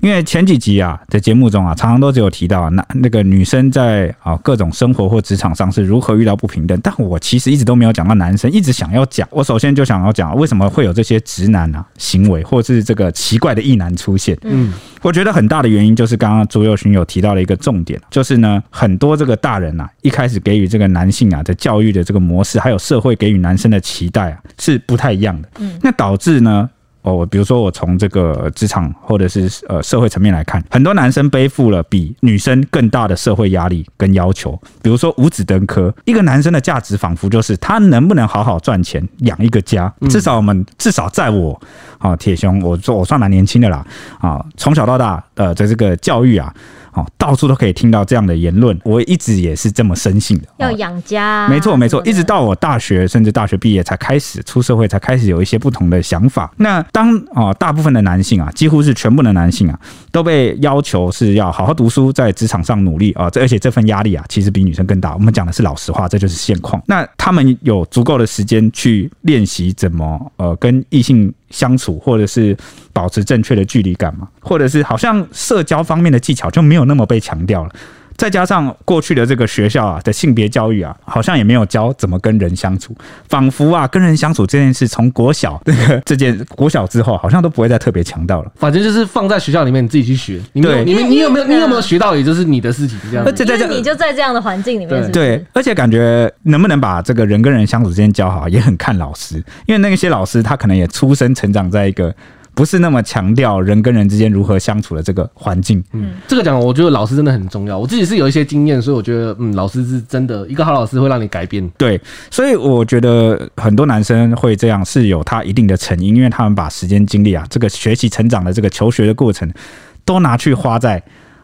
[SPEAKER 1] 因為前幾集啊，在節目中啊，常常都只有提到、啊、那那個女生在啊各種生活或職場上是如何遇到不平等，但我其實一直都沒有講到男生，一直想要講。我首先就想要講、啊、為什麼會有這些直男啊行為，或是這個奇怪的異男出現。嗯，我覺得很大的原因就是剛剛左右群有提到了一個重點，就是呢，很多這個大人吶、啊，一開始給予這個男性啊的教育的這個模式，還有社會給予男生的期待啊，是不太一樣的。嗯，那導致呢。我比如說我從這個職場或者是呃社會層面來看，很多男生背負了比女生更大的社會壓力跟要求。比如說五子登科，一個男生的價值仿佛就是他能不能好好賺錢養一個家。嗯。至少我們至少在我啊鉄雄，我說我算蠻年輕的啦啊，從小到大呃的這個教育，啊。到處都可以聽到這樣的言論，我一直也是這麼深信的。
[SPEAKER 2] 要養家啊，沒
[SPEAKER 1] 錯沒錯，一直到我大學，甚至大學畢業才開始出社會，才開始有一些不同的想法。那當啊，大部分的男性啊，幾乎是全部的男性啊，都被要求是要好好讀書，在職場上努力啊。這而且這份壓力啊，其實比女生更大。我們講的是老實話，這就是現況。那他們有足夠的時間去練習怎麼呃跟異性相處，或者是保持正確的距離感嘛，或者是好像社交方面的技巧就沒有那麼被強調了。再加上過去的這個學校啊的性別教育啊，好像也沒有教怎麼跟人相處，仿佛啊跟人相處這件事從國小這個這件國小之後，好像都不會再特別強調了。反正就是放在學校裡面你自己去學，對，你沒有，你，你有沒有你有沒有學到，也就是你的事情這樣子。而且在這你
[SPEAKER 2] 就在這樣的環境裡面是不是？
[SPEAKER 1] 對，而且感覺能不能把這個人跟人相處之間教好，也很看老師，因為那些老師他可能也出生成長在一個。不是那麼強調人跟人之間如何相處的這個環境，嗯，
[SPEAKER 3] 這個講我覺得老師真的很重要。我自己是有一些經驗，所以我覺得，嗯，老師是真的一個好老師會讓你改變。
[SPEAKER 1] 對，所以我覺得很多男生會這樣是有他一定的成因，因為他們把時間、精力啊，這個學習、成長的這個求學的過程，都拿去花在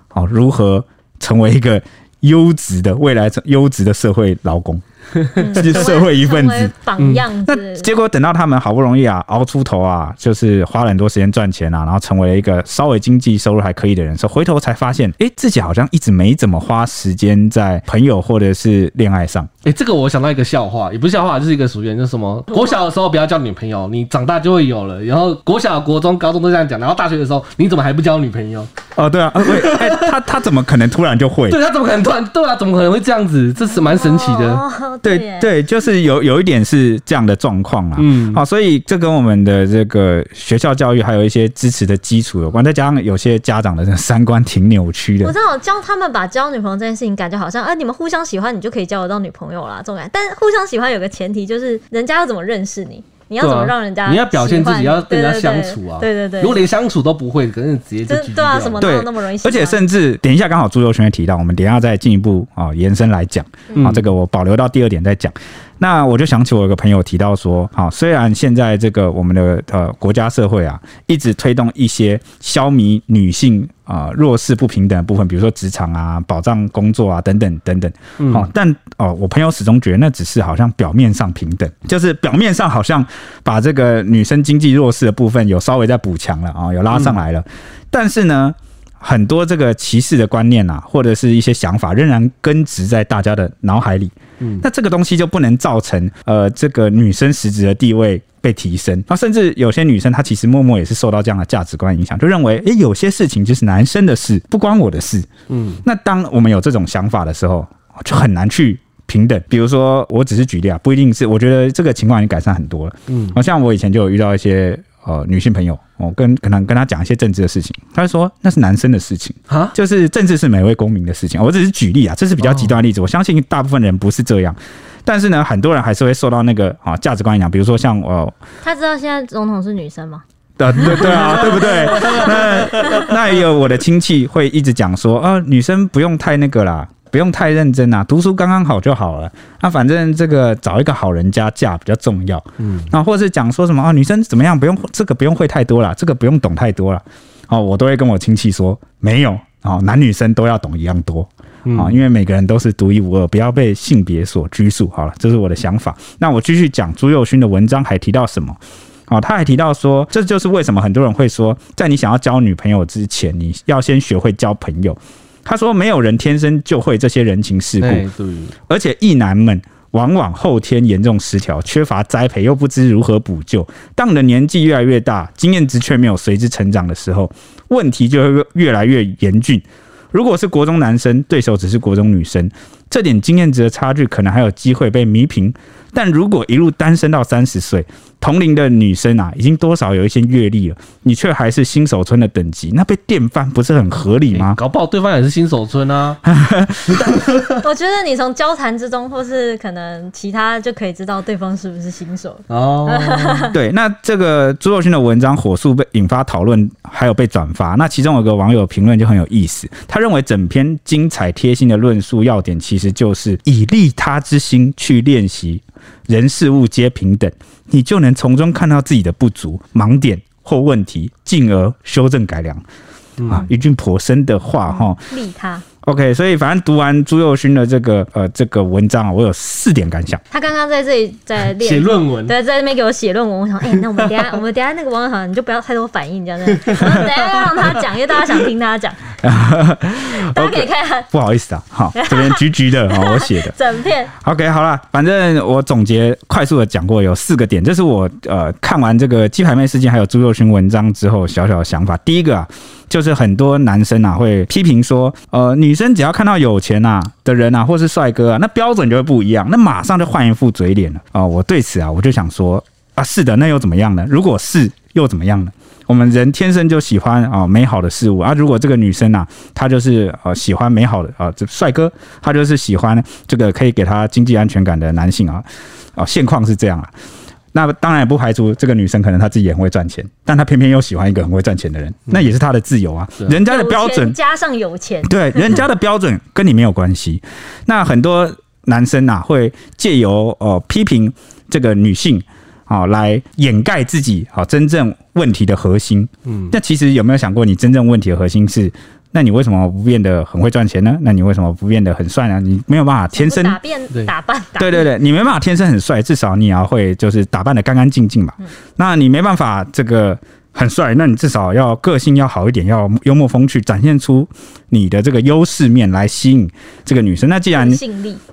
[SPEAKER 1] 好、哦、如何成為一個優質的未來、優質的社會勞工。 [LAUGHS] 這是社會一份子榜、嗯、樣，那結果等到他們好不容易啊熬出頭啊，就是花了很多時間賺錢啊，然後成為了一個稍微經濟收入還可以的人，所以回頭才發現，哎、欸，自己好像一直沒怎麼花時間在朋友或者是戀愛上。
[SPEAKER 3] 哎、欸，這個我想到一個笑話，也不是笑話，就是一個俗語，是什麼？國小的時候不要交女朋友，你長大就會有了。然後國小、國中、高中都這樣講，然後大學的時候，你怎麼還不交女朋友？
[SPEAKER 1] 哦，對啊，欸欸、他他怎麼可能突然就會？ [LAUGHS] 對，他怎麼可能突然？對啊，怎麼可能會這樣子？這是蠻神奇的。對對，對，就是有有一點是這樣的狀況啊，嗯，好，所以這跟我們的這個學校教育還有一些支持的基礎有關，再加上有些家長的這個三觀挺扭曲的，我知
[SPEAKER 2] 道，教他們把交女朋友這件事情感覺好像，啊，你們互相喜歡，你就可以交得到女朋友啦。這種感，但是互相喜歡有個前提就是人家要怎麼認識你？你要怎麼讓人家、啊？你要表現自己，要跟人家相處啊！對對對，對對對，如果連
[SPEAKER 1] 相處都不會，可能直接拒絕掉了。對啊，什麼都，而且甚至等一下，剛好朱友權提到，我們等一下再進一步啊延伸來講啊、嗯，這個我保留到第二點再講。那我就想起我有個朋友提到說，好，雖然現在這個我們的呃國家社會啊，一直推動一些消弭女性啊、呃、弱勢不平等的部分，比如說職場啊、保障工作啊等等等等，哦，但哦、呃，我朋友始終覺得那只是好像表面上平等，就是表面上好像把這個女生經濟弱勢的部分有稍微在補強了啊、哦，有拉上來了，嗯、但是呢。很多這個歧視的觀念啊，或者是一些想法，仍然根植在大家的腦海裡。嗯，那這個東西就不能造成呃，這個女生實質的地位被提升。那甚至有些女生，她其實默默也是受到這樣的價值觀影響，就認為誒、欸，有些事情就是男生的事，不關我的事。嗯，那當我們有這種想法的時候，就很難去平等。比如說，我只是舉例啊，不一定是。我覺得這個情況已經改善很多了。嗯、哦，像我以前就有遇到一些。呃，女性朋友，我、呃、跟可能跟她講一些政治的事情，她說那是男生的事情啊，就是政治是每位公民的事情。我只是舉例啊，這是比較極端的例子、哦。我相信大部分人不是這樣，但是呢，很多人還是會受到那個啊價、呃、值觀影響。比如說像我，
[SPEAKER 2] 她、呃、知道現在總統是女生嗎？
[SPEAKER 1] 呃、對對啊，對不對？ [LAUGHS] 那那也有我的親戚會一直講說，啊、呃，女生不用太那個啦。不用太認真啊，讀書剛剛好就好了。那反正這個找一個好人家嫁比較重要。嗯，那、啊、或是講說什麼啊，女生怎麼樣，不用這個不用會太多了，這個不用懂太多了。哦，我都會跟我親戚說，沒有啊、哦，男女生都要懂一樣多啊、嗯哦，因為每個人都是獨一無二，不要被性別所拘束。好了，這是我的想法。那我繼續講朱佑勳的文章，還提到什麼？哦，他還提到說，這就是為什麼很多人會說，在你想要交女朋友之前，你要先學會交朋友。他說：“沒有人天生就會這些人情世故，而且異男們往往後天嚴重失調，缺乏栽培，又不知如何補救。當你的年紀越來越大，經驗值卻沒有隨之成長的時候，問題就會越來越嚴峻。如果是國中男生，對手只是國中女生，這點經驗值的差距可能還有機會被彌平；但如果一路單身到三十歲，同齡的女生啊，已經多少有一些閱歷了，你卻還是新手村的等級，那被電翻不是很合理嗎？欸、搞不好對方也是新手村啊。
[SPEAKER 2] [LAUGHS] [LAUGHS] 我覺得你從交談之中，或是可能其他，就可以知道對方是不是新手。哦、
[SPEAKER 1] oh， [LAUGHS] 對，那這個朱宥勳的文章火速被引發討論，還有被轉發。那其中有個網友評論就很有意思，他認為整篇精彩貼心的論述要點，其實就是以利他之心去練習，人事物皆平等。你就能從中看到自己的不足、盲點或問題，進而修正改良。啊、嗯，一句頗深的話哈、嗯。利他。OK，所以反正讀完朱宥勳的這個呃這個文章啊，我有四點感想。
[SPEAKER 2] 他剛剛在這裡在寫論文，對，在那邊給我寫論文。我想，哎、欸，那我們等下 [LAUGHS] 我們等下那個王總好，你就不要太多反應，這
[SPEAKER 1] 樣子。 [LAUGHS] 等下要讓他講，因為大家想
[SPEAKER 2] 聽他講。
[SPEAKER 1] [LAUGHS] okay, 大家可以看， [LAUGHS] 不好意思啊，好、哦，這邊局局的啊、 [LAUGHS] 哦，我寫的整篇。OK，好了，反正我總結快速的講過有四個點，這是我呃看完這個雞排妹事件還有朱宥勳文章之後小小的想法。第一個、啊。就是很多男生啊，會批評說，呃，女生只要看到有錢吶、啊、的人啊，或是帥哥啊，那標準就會不一樣，那馬上就換一副嘴臉了啊、呃。我對此啊，我就想說啊，是的，那又怎麼樣呢？如果是又怎麼樣呢？我們人天生就喜歡啊、呃、美好的事物啊。如果這個女生啊，她就是、呃、喜歡美好的啊這帥哥，她就是喜歡這個可以給她經濟安全感的男性啊啊、呃。現況是這樣啊。那當然也不排除這個女生可能她自己也很會賺錢，但她偏偏又喜歡一個很會賺錢的人，那也是她的自由啊。嗯、人家的標準加
[SPEAKER 2] 上有錢，對，人家的
[SPEAKER 1] 標準跟你沒有關係。 [LAUGHS] 那很多男生吶、啊，會借由哦、呃、批評這個女性啊、哦，來掩蓋自己好、哦、真正問題的核心。嗯，那其實有沒有想過，你真正問題的核心是？那你為什麼不變得很會賺錢呢？那你為什麼不變得很帥呢？你沒有辦法天生打
[SPEAKER 3] 扮，打扮，對對對，
[SPEAKER 1] 你沒辦法天生很帥，至少你要會就是打扮得乾乾淨淨嘛。嗯，那你沒辦法這個很帥，那你至少要個性要好一點，要幽默風趣，展現出你的這個優勢面來吸引這個女生。那既然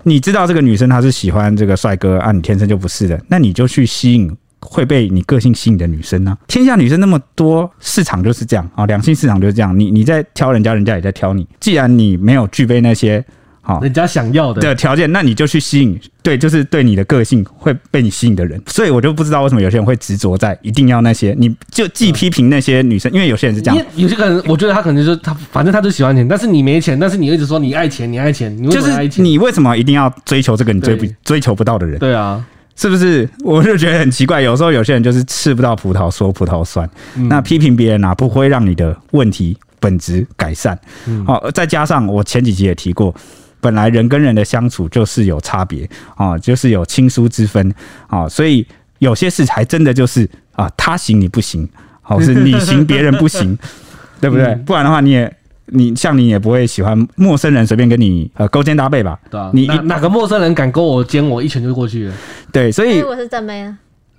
[SPEAKER 1] 你知道這個女生她是喜歡這個帥哥啊，你天生就不是的，那你就去吸引。會被你個性吸引的女生呢、啊？天下女生那麼多，市場就是這樣啊，喔、兩性市場就是這樣。你你在挑人家，人家也在挑你。既然你沒有具備那些好、喔、人家想要的的條件，那你就去吸引，對，就是對你的個性會被你吸引的人。所以我就不知道為什麼有些人會執着在一定要那些。你就既批評那些女生、嗯，因為有些人是這樣，有，有些人我覺得他可能是他，反正他就喜歡錢，但是你沒錢，但是你一直說你愛錢，你愛錢，愛錢就是你為什麼一定要追求這個你追不追求不到的人？對啊。是不是？我就覺得很奇怪，有時候有些人就是吃不到葡萄說葡萄酸。嗯、那批評別人哪、啊、不會讓你的問題本質改善、嗯。哦，再加上我前幾集也提過，本來人跟人的相處就是有差別啊、哦，就是有親疏之分啊、哦。所以有些事還真的就是啊，他行你不行，好、哦、是你行別人不行， [LAUGHS] 對不對、嗯？不然的話你也。你像你也不會喜歡陌生人隨便跟你呃勾肩搭背吧？對
[SPEAKER 3] 啊，你哪，哪個陌生人敢勾我肩，我一拳就過去
[SPEAKER 1] 了。對，所以我是正妹啊，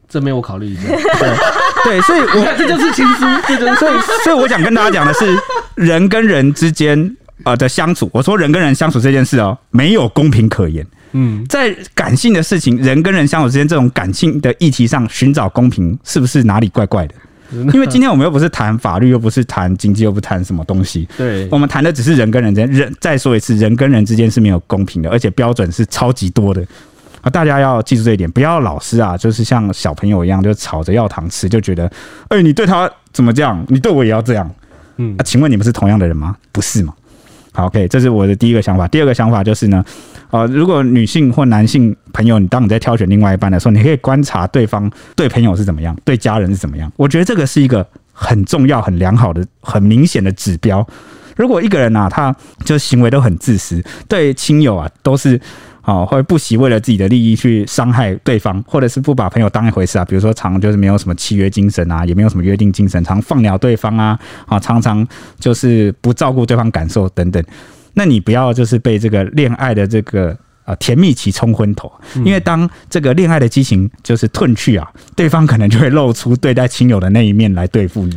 [SPEAKER 1] 正妹我考慮一下。 [LAUGHS] 對對，所以你看這就是情書。 [LAUGHS] [LAUGHS] [LAUGHS] 所以所以我想跟大家講的是，人跟人之間呃的相處，我說人跟人相處這件事哦，沒有公平可言。嗯，在感性的事情，人跟人相處之間這種感性的議題上尋找公平，是不是哪裡怪怪的？因為今天我們又不是談法律，又不是談經濟，又不談什麼東西。對，我們談的只是人跟人之間。人，再說一次，人跟人之間是沒有公平的，而且標準是超級多的。啊，大家要記住這一點，不要老是啊，就是像小朋友一樣，就吵着要糖吃，就覺得，哎、欸，你對他怎麼這樣，你對我也要這樣。嗯啊，請問你們是同樣的人嗎？不是嗎？好，OK。這是我的第一個想法。第二個想法就是呢，呃，如果女性或男性朋友，你當你在挑選另外一半的時候，你可以觀察對方對朋友是怎麼樣，對家人是怎麼樣。我覺得這個是一個很重要、很良好的、很明顯的指標。如果一個人啊，他就行為都很自私，對親友啊都是。好，會不惜為了自己的利益去傷害對方，或者是不把朋友當一回事啊。比如說，常就是沒有什麼契約精神啊，也沒有什麼約定精神，常放鳥對方啊，啊，常常就是不照顧對方感受等等。那你不要就是被這個戀愛的這個啊、呃、甜蜜期沖昏頭、嗯，因為當這個戀愛的激情就是褪去啊，對方可能就會露出對待親友的那一面來對付你。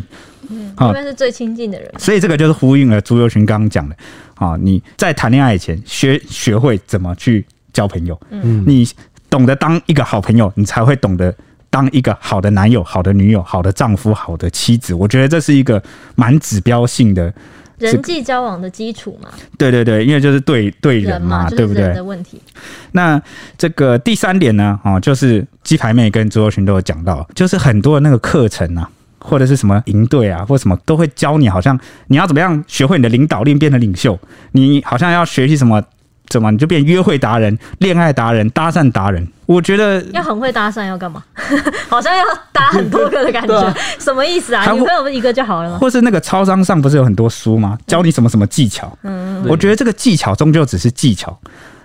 [SPEAKER 1] 嗯，因、
[SPEAKER 2] 哦、為是最親近的人，
[SPEAKER 1] 所以這個就是呼應了朱友群剛剛講的啊、哦。你在談戀愛以前，學學會怎麼去。交朋友，嗯，你懂得當一個好朋友，你才會懂得當一個好的男友、好的女友、好的丈夫、好的妻子。我覺得這是一個蠻指標性的
[SPEAKER 2] 人際交往的基礎嘛。
[SPEAKER 1] 對對對，因為就是對對人嘛，人嘛，就是人的問題。對不對？那這個第三點呢，哦，就是雞排妹跟朱若群都有講到，就是很多的那個課程啊，或者是什麼營隊啊，或什麼都會教你，好像你要怎麼樣學會你的領導力，變得領袖，你好像要學習什麼。怎麼你就變約會達人、戀愛達人、搭訕達人。我覺得要
[SPEAKER 2] 很會搭訕，要幹嘛？ [LAUGHS] 好像要搭很多個的感覺， [LAUGHS] 啊、什麼意思啊？女朋友一個就好了嗎？或
[SPEAKER 1] 是那個超商上不是有很多書嗎？教你什麼什麼技巧。嗯，我覺得這個技巧終究只是技巧，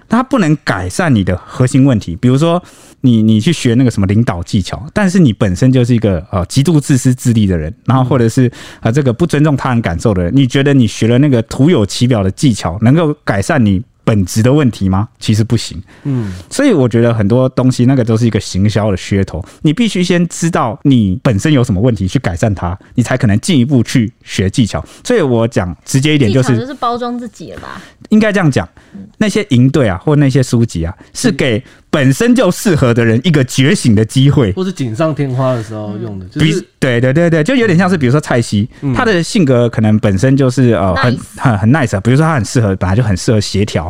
[SPEAKER 1] 它不能改善你的核心問題。比如說你，你你去學那個什麼領導技巧，但是你本身就是一個呃極度自私自利的人，然後或者是啊、呃、這個不尊重他人感受的人，你覺得你學了那個徒有其表的技巧，能夠改善你本質的問題嗎？其實不行，嗯，所以我覺得很多東西那個都是一個行銷的噱頭。你必須先知道你本身有什麼問題去改善它，你才可能進一步去學技巧。所以我講直接一點，就是得是
[SPEAKER 2] 包裝自己了吧，
[SPEAKER 1] 應該這樣講。那些營隊啊，或那些書籍啊，嗯、是給本身就適合的人一個覺醒的機會，或
[SPEAKER 3] 是錦上添花的時候用的，比、就
[SPEAKER 1] 是，對對對對，就有點像是比如說蔡西，嗯、他的性格可能本身就是、嗯、呃很很很 nice 啊，比如說他很適合本來就很適合協調。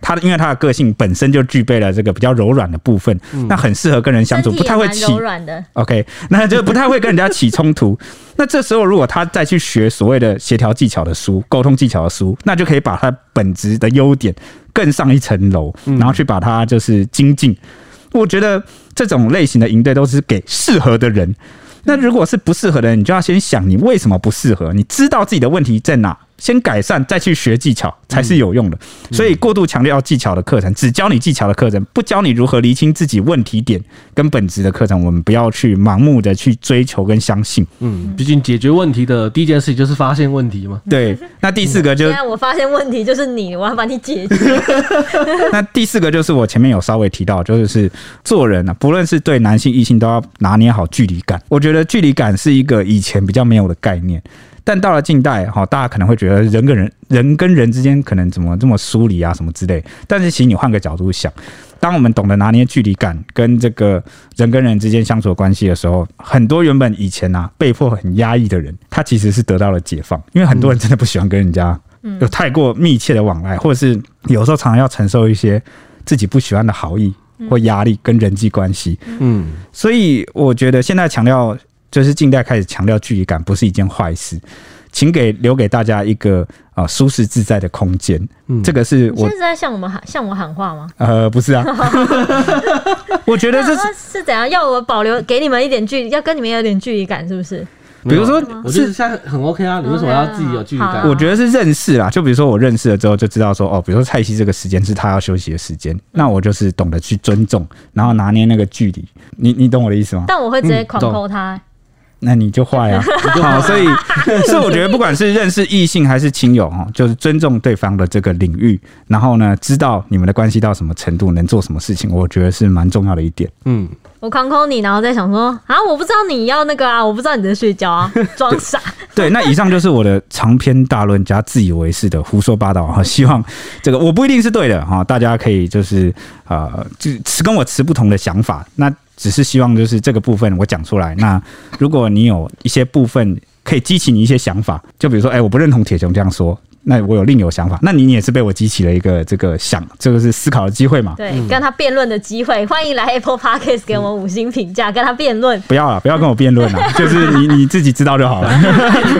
[SPEAKER 1] 他的因為他的個性本身就具備了這個比較柔軟的部分，嗯、那很適合跟人相處，不太會起軟的。 [LAUGHS] OK，那就不太會跟人家起衝突。 [LAUGHS] 那這時候如果他再去學所謂的協調技巧的書、溝通技巧的書，那就可以把他本質的優點更上一層樓，然後去把他就是精進、嗯。我覺得這種類型的營隊都是給適合的人。那、嗯、如果是不適合的人，你就要先想你為什麼不適合，你知道自己的問題在哪。先改善，再去學技巧才是有用的。嗯、所以，過度強調技巧的課程，只教你技巧的課程，不教你如何釐清自己問題點跟本質的課程，我們不要去盲目的去追求跟相信。
[SPEAKER 3] 嗯，畢竟解決問題的第一
[SPEAKER 1] 件事情就是發現問題嘛。對，那第四個就，是：
[SPEAKER 2] 我發現問題就是你，我要幫你解
[SPEAKER 1] 決。 [LAUGHS] 那第四個就是我前面有稍微提到，就是是做人啊，不論是對男性異性都要拿捏好距離感。我覺得距離感是一個以前比較沒有的概念。但到了近代，哈，大家可能會覺得人跟人、人跟人之間可能怎麼這麼疏離啊，什麼之類。但是請你換個角度想，當我們懂得拿捏距離感跟這個人跟人之間相處的關係的時候，很多原本以前吶、啊、被迫很壓抑的人，他其實是得到了解放，因為很多人真的不喜歡跟人家有太過密切的往來，或者是有時候常常要承受一些自己不喜歡的好意或壓力跟人際關係。嗯，所以我覺得現在強調。就是近代開始強調距離感，不是一件壞事。請給留給大家一個啊、呃、舒適自在的空間、嗯。這個是我現
[SPEAKER 2] 在向我們喊向我喊話嗎？
[SPEAKER 1] 呃，不是啊。 [LAUGHS] [LAUGHS] 我覺得是
[SPEAKER 2] [LAUGHS] 是怎樣？要我保留給你們一點距離，要跟你們有點距離感，是不是？
[SPEAKER 1] 比如說，是我是
[SPEAKER 2] 現
[SPEAKER 3] 在很 OK 啊。你為什麼要自己有距離感、嗯啊？我覺
[SPEAKER 1] 得是認識啦。就比如說，我認識了之後就知道說，哦，比如說蔡西這個時間是他要休息的時間、嗯，那我就是懂得去尊重，然後拿捏那個距離。你你懂我的意思嗎？但我會直接狂摳、嗯、他。那你就壞啊！ [LAUGHS] 好，所以是我覺得不管是認識異性還是親友哈， [LAUGHS] 就是尊重對方的這個領域，然後呢，知道你們的關係到什麼程度能做什麼事情，我覺得是蠻重要的一點。嗯，
[SPEAKER 2] 我狂 call 你，然後在想說啊，我不知道你要那個啊，我不知道你在睡覺啊，裝傻。
[SPEAKER 1] 對，那以上就是我的長篇大論加自以為是的胡說八道啊。希望這個我不一定是對的哈，大家可以就是啊，就、呃、就持跟我持不同的想法。那。只是希望就是這個部分我講出來。那如果你有一些部分可以激起你一些想法，就比如說，哎、欸，我不認同鐵雄這樣說。那我有另有想法，那你,你也是被我激起了一個這個想，這、就、個是思考的機會嘛？對，跟他
[SPEAKER 2] 辯論的機會，歡迎來 Apple Podcast 給我們五星評價、嗯，跟他辯論。
[SPEAKER 1] 不要了、啊，不要跟我辯論了， [LAUGHS] 就是你你自己知道就好了。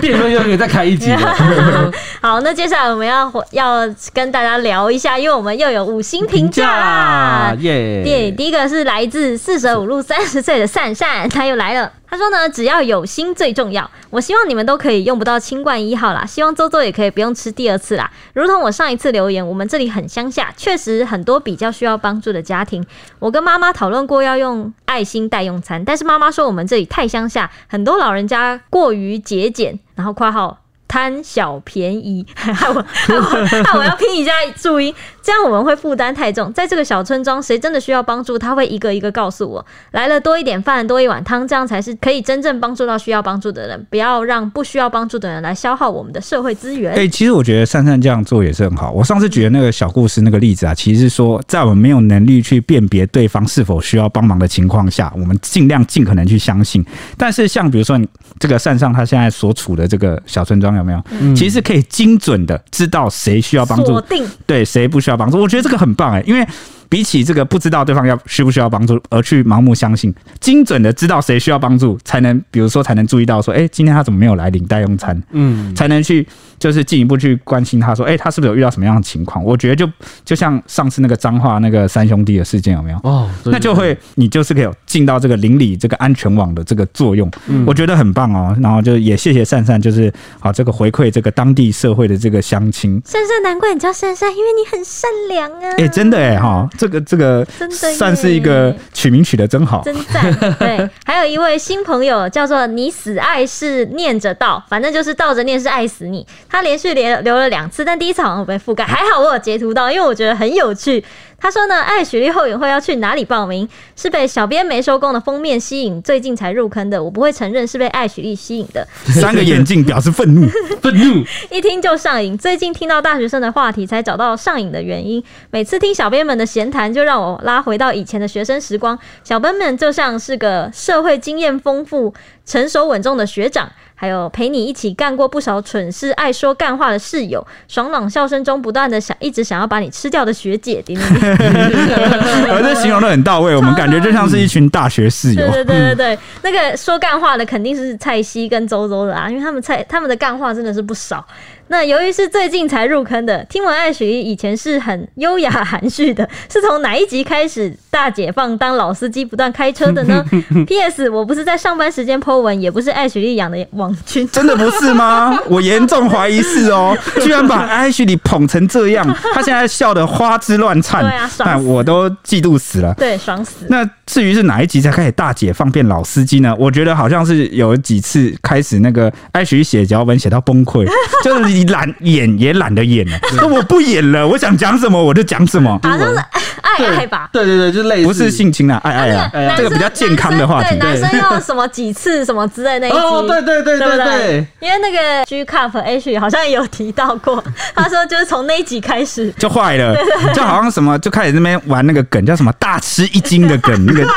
[SPEAKER 2] 辯
[SPEAKER 3] 論又可以再開一集。 [LAUGHS]
[SPEAKER 2] [LAUGHS] 好，那接下來我們要要跟大家聊一下，因為我們又有五星評價耶！第一個是來自《四舍五入三十歲的善善》，他又來了。他說呢，只要有心最重要。我希望你們都可以用不到清冠一號啦，希望周周也可以不用吃第二次啦。如同我上一次留言，我們這裡很鄉下，確實很多比較需要幫助的家庭。我跟媽媽討論過要用愛心代用餐，但是媽媽說我們這裡太鄉下，很多老人家過於節儉，然後括號。貪小便宜，害我害我 [LAUGHS] 我要拼一下注意，這樣我們會負擔太重。在這個小村莊，誰真的需要幫助，他會一個一個告訴我。來了多一點飯，多一碗湯，這樣才是可以真正幫助到需要幫助的人。不要讓不需要幫助的人來消耗我們的社會資源。對、欸，
[SPEAKER 1] 其實我覺得善善這樣做也是很好。我上次舉的那個小故事那個例子啊，其實是說在我們沒有能力去辨別對方是否需要幫忙的情況下，我們盡量盡可能去相信。但是像比如說這個善善他現在所處的這個小村莊要。沒有，其實可以精準的知道誰需要幫助、嗯，鎖定，對誰不需要幫助。我覺得這個很棒哎、欸，因為。比起這個不知道對方要需不需要幫助而去盲目相信，精準的知道誰需要幫助，才能比如說才能注意到說，哎、欸，今天他怎麼沒有來領待用餐？嗯，才能去就是進一步去關心他，說，哎、欸，他是不是有遇到什麼樣的情況？我覺得就就像上次那個彰化那個三兄弟的事件有沒有？
[SPEAKER 3] 哦，對對對那就
[SPEAKER 1] 會你就是可以盡到這個鄰里這個安全網的這個作用、嗯，我覺得很棒哦。然後就也謝謝善善，就是好、啊、這個回饋這個當地社會的這個鄉親。
[SPEAKER 2] 善善，難怪你叫善善，因為你很善良啊。哎、欸，
[SPEAKER 1] 真的哎、欸、哈。這個這個算是一個取名取得真好，真讚。
[SPEAKER 2] 對， [LAUGHS] 還有一位新朋友叫做“你死愛是念着倒”，反正就是倒着念是愛死你。他連續連留了兩次，但第一場被覆蓋，還好我有截圖到，因為我覺得很有趣。他說呢，Ashley 後援會要去哪裡報名？是被小編沒收工的封面吸引，最近才入坑的。我不會承認是被 Ashley 吸引的。三個眼
[SPEAKER 1] 鏡表示憤怒，憤怒。
[SPEAKER 2] 一聽就上癮，最近聽到大學生的話題才找到上癮的原因。每次聽小編們的閒談，就讓我拉回到以前的學生時光。小編們就像是個社會經驗豐富、成熟穩重的學長。還有陪你一起幹過不少蠢事、愛說幹話的室友，爽朗笑聲中不斷的想，一直想要把你吃掉的學姐，哈哈哈哈
[SPEAKER 1] 而這形容的很到位，我們感覺就像是一群大學室友。嗯、對,對對
[SPEAKER 2] 對對，嗯、那個說幹話的肯定是蔡西跟周周的啊，因為他們蔡他們的幹話真的是不少。那由於是最近才入坑的，聽聞艾雪莉以前是很優雅含蓄的，是從哪一集開始大解放當老司機不斷開車的呢？P.S. 我不是在上班時間 Po 文，也不是艾雪莉養的網軍，
[SPEAKER 1] 真的不是嗎？ [LAUGHS] 我嚴重懷疑是哦， [LAUGHS] 居然把艾雪莉捧成這樣，他現在笑得花枝亂顫， [LAUGHS] 對啊，但我都嫉妒死了，對，爽死。那至於是哪一集才開始大解放變老司機呢？我覺得好像是有幾次開始那個艾雪莉寫腳本寫到崩潰，就是你。懶演也懶得演了我不演了，我想講什麼我就講什麼、啊，就是愛愛吧，對對對，就類似，不是性侵愛愛啊,啊、就是，愛愛啊，這個比較健康的話題，對，男
[SPEAKER 2] 生要什麼幾次什麼之類那一集哦對對對對對,對,對,對,對，因為那個 G cup H 好像有提到過，他說就是從那一集開始就壞了，就好像
[SPEAKER 1] 什麼就開始那邊玩那個梗，叫什麼大吃一驚的梗， [LAUGHS] 那個。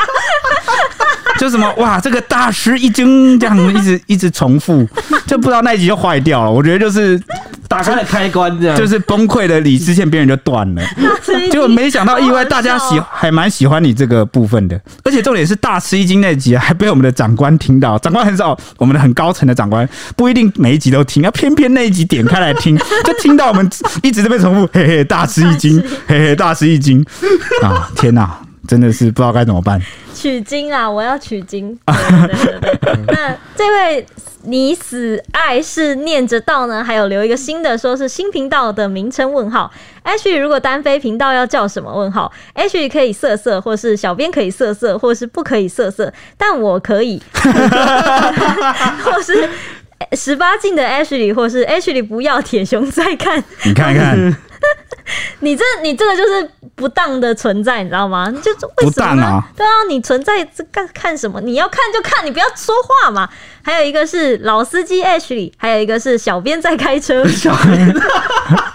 [SPEAKER 1] 就什麼哇，這個大吃一驚這樣一直一直重複，就不知道那一集就壞掉了。我覺得就是打開了開關這樣就是崩潰的理智線，邊緣就斷了。結果沒想到意外，大家喜還蠻喜歡你這個部分的。而且重點是大吃一驚那一集、啊、還被我們的長官聽到。長官很少，我們的很高層的長官不一定每一集都聽，要偏偏那一集點開來聽，就聽到我們一直在被重複，嘿嘿大吃一驚，嘿嘿大吃一驚啊！天哪、啊！ [LAUGHS] 真的是不知道該怎麼辦。
[SPEAKER 2] 取經啊！我要取經。對對對對 [LAUGHS] 那這位你死愛是念着道呢？還有留一個新的，說是新頻道的名稱？問號 Ashley 如果單飛頻道要叫什麼？問號 Ashley 可以色色，或是小編可以色色，或是不可以色色。但我可以， [LAUGHS] [LAUGHS] [LAUGHS] 或是十八禁的 Ashley，或是 Ashley 不要鉄雄再看，
[SPEAKER 1] 你看看。 [LAUGHS]
[SPEAKER 2] 你這你這個就是不當的存在，你知道嗎？就是為什麼？啊對啊，你存在這乾看什麼？你要看就看，你不要說話嘛。還有一個是老司機 Ashley 還有一個是小編在開車，小編 [LAUGHS] [LAUGHS]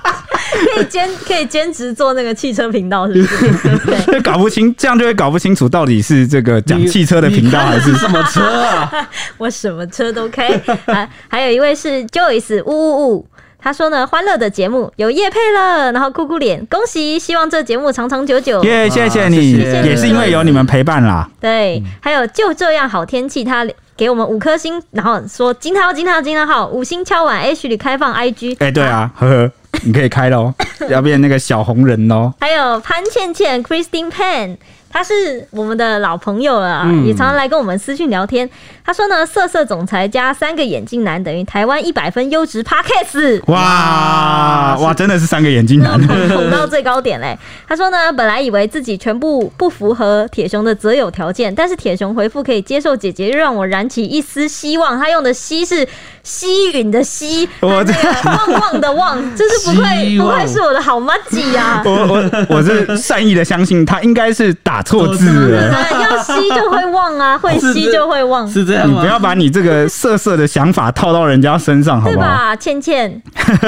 [SPEAKER 2] [LAUGHS] 可以兼可以兼職做那個汽車頻道，是不
[SPEAKER 1] 是？對， [LAUGHS] [LAUGHS] 搞不清，這樣就會搞不清楚到底是這個講汽車的頻道還是什麼，什麼
[SPEAKER 2] 車啊？ [LAUGHS] 我什麼車都可以。 [LAUGHS] 啊、還有一位是 Joyce，嗚嗚嗚。他說呢，歡樂的節目有業配了，然後哭哭臉，恭喜！希望這節目長長久久。耶、yeah, 啊，謝謝你，也是因為
[SPEAKER 1] 有你們陪伴啦。
[SPEAKER 2] 對，嗯、還有就這樣好天氣，他給我們五顆星，然後說金濤，金濤，金濤好，五星敲碗，Ashley 開放 IG。哎、欸，對
[SPEAKER 1] 啊，呵呵，你可以開嘍， [LAUGHS] 要變那個小紅人哦。
[SPEAKER 2] 還有潘倩倩，Christine Pan 他是我們的老朋友了，啊，嗯、也常常來跟我們私訊聊天。他說呢：“色色總裁加三個眼鏡男等於台灣一百分優質 p a c k s 哇哇，哇，
[SPEAKER 1] 真的是三個眼鏡男捧，捧到最
[SPEAKER 2] 高點嘞，欸！他說呢：“本來以為自己全部不符合鉄雄的擇友條件，但是鉄雄回復可以接受，姐姐又讓我燃起一絲希望。”他用的“希”是。吸允的吸，
[SPEAKER 1] 我這個
[SPEAKER 2] 旺旺的旺，真、就是不會 [LAUGHS] 不會是我的好麻吉啊！我
[SPEAKER 1] 我我是善意的相信他應該是打錯字了， [LAUGHS] 要吸就會
[SPEAKER 2] 旺啊，會吸就會旺，是這樣嗎？你不要把
[SPEAKER 1] 你這個色色的想法套到人家身上，好不好？對吧倩倩，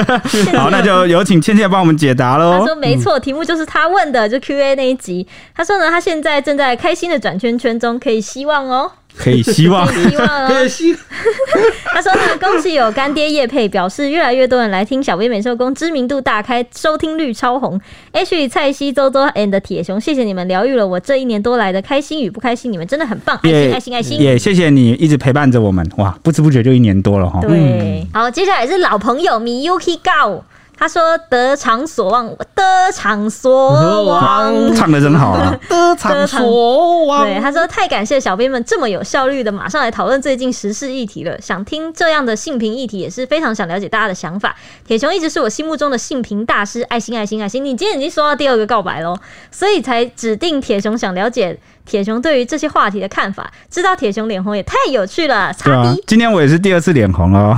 [SPEAKER 1] [LAUGHS] 好，那就有請倩倩幫我們解答嘍。 [LAUGHS] 他說沒錯，
[SPEAKER 2] 題目就是他問的，就 Q A 那一集。嗯、他說呢，他現在正在開心的轉圈圈中，可以希望哦。
[SPEAKER 1] 可以希望， [LAUGHS] 可
[SPEAKER 2] 以希望了， [LAUGHS] 他說呢，恭喜有乾爹業配表示，越來越多人來聽小薇美壽宮，知名度大開，收聽率超紅。H、蔡西、周周 and 鐵雄，謝謝你們療癒了我這一年多來的開心與不開心，你們真的很棒，yeah, 愛心、愛心、yeah, 愛心。也、yeah, 謝
[SPEAKER 1] 謝你一直陪伴着我們，哇，不知不覺就一年多了哈。對、嗯，
[SPEAKER 2] 好，接下來是老朋友 Miyuki Go。他說：“得償所望，得償所望，唱得真好啊！得償所望。”對，他說：“太感謝小編們這麼有效率的，馬上來討論最近時事議題了。想聽這樣的性平議題，也是非常想了解大家的想法。鐵雄一直是我心目中的性平大師，愛心，愛心，愛心！你今天已經收到第二個告白嘍，所以才指定鐵雄想了解。”鐵雄對於這些話題的看法，知道鐵雄臉紅也太有趣了。對啊，
[SPEAKER 1] 今天我也是第二次臉紅哦。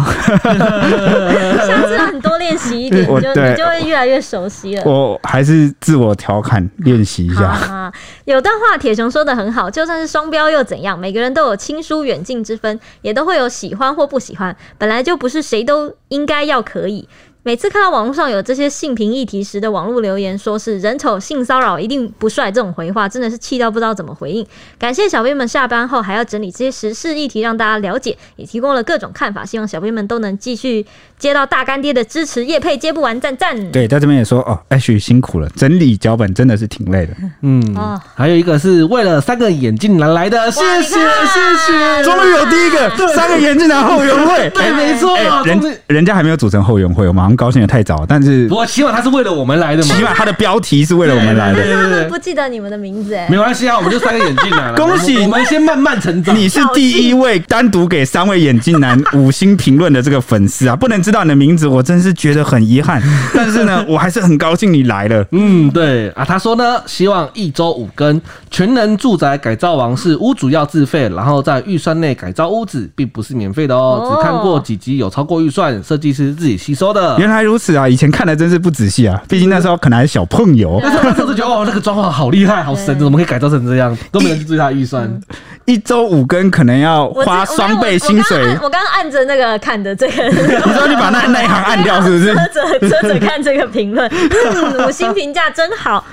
[SPEAKER 2] 想知道你多練習一點，你就你就會越來越熟悉了。我
[SPEAKER 1] 還是自我調侃，練習一下。好啊，好
[SPEAKER 2] 啊，有段話鐵雄說得很好，就算是雙標又怎樣？每個人都有親疏遠近之分，也都會有喜歡或不喜歡，本來就不是誰都應該要可以。每次看到網絡上有這些性平議題時的網絡留言，說是人醜性騷擾一定不帥，這種回話真的是氣到不知道怎麼回應。感謝小編們下班後還要整理這些時事議題，讓大家了解，也提供了各種看法。希望小編們都能繼續。接到大乾爹的支持，業配接不完讚讚。
[SPEAKER 1] 對，在這邊也說哦，艾許辛苦了，整理腳本真的是挺累的。嗯、哦，還有一個是為了三個眼鏡男來的，謝
[SPEAKER 3] 謝
[SPEAKER 2] 謝謝，終於、啊啊、有第一個三個眼鏡男後援會。對，欸、對沒錯、啊欸，人
[SPEAKER 1] 人家還沒有組成後援會，我們好像高興也太早。但是，我起碼他是為了我們來的，嘛，起碼他的標題是為了我們來的。對對對
[SPEAKER 2] 對不記得你們的名字、欸，哎，沒關係啊，我們就三個眼
[SPEAKER 1] 鏡男， [LAUGHS] 恭喜我們先慢慢成長。你是第一位單獨給三位眼鏡男 [LAUGHS] 五星評論的這個粉絲啊，不能。知道你的名字，我真是覺得很遺憾。但是呢，我還是很高興你來了。 [LAUGHS] 嗯，對
[SPEAKER 3] 啊，他說呢，希望一周五更，《全能住宅改造王》是屋主要自費，然後在預算內改造屋子，並不是免費的哦。只看過幾集，有超過預算，設計師自己吸收的。哦，原
[SPEAKER 1] 來如此啊！以前看的真是不仔細啊，畢竟那時候可能還是小朋友。嗯，但
[SPEAKER 3] 那時候是覺得 [LAUGHS] 哦，那個裝潢好厲害，好神，怎麼可以改造成這樣，都沒有去追他的預算。嗯 [LAUGHS] 一周
[SPEAKER 1] 五更，可能要花雙倍薪水
[SPEAKER 2] 我。我剛按着那個看的這個， [LAUGHS] 你說你把那那一行按掉是不是？車子車子看這個評論，嗯，五星評價真好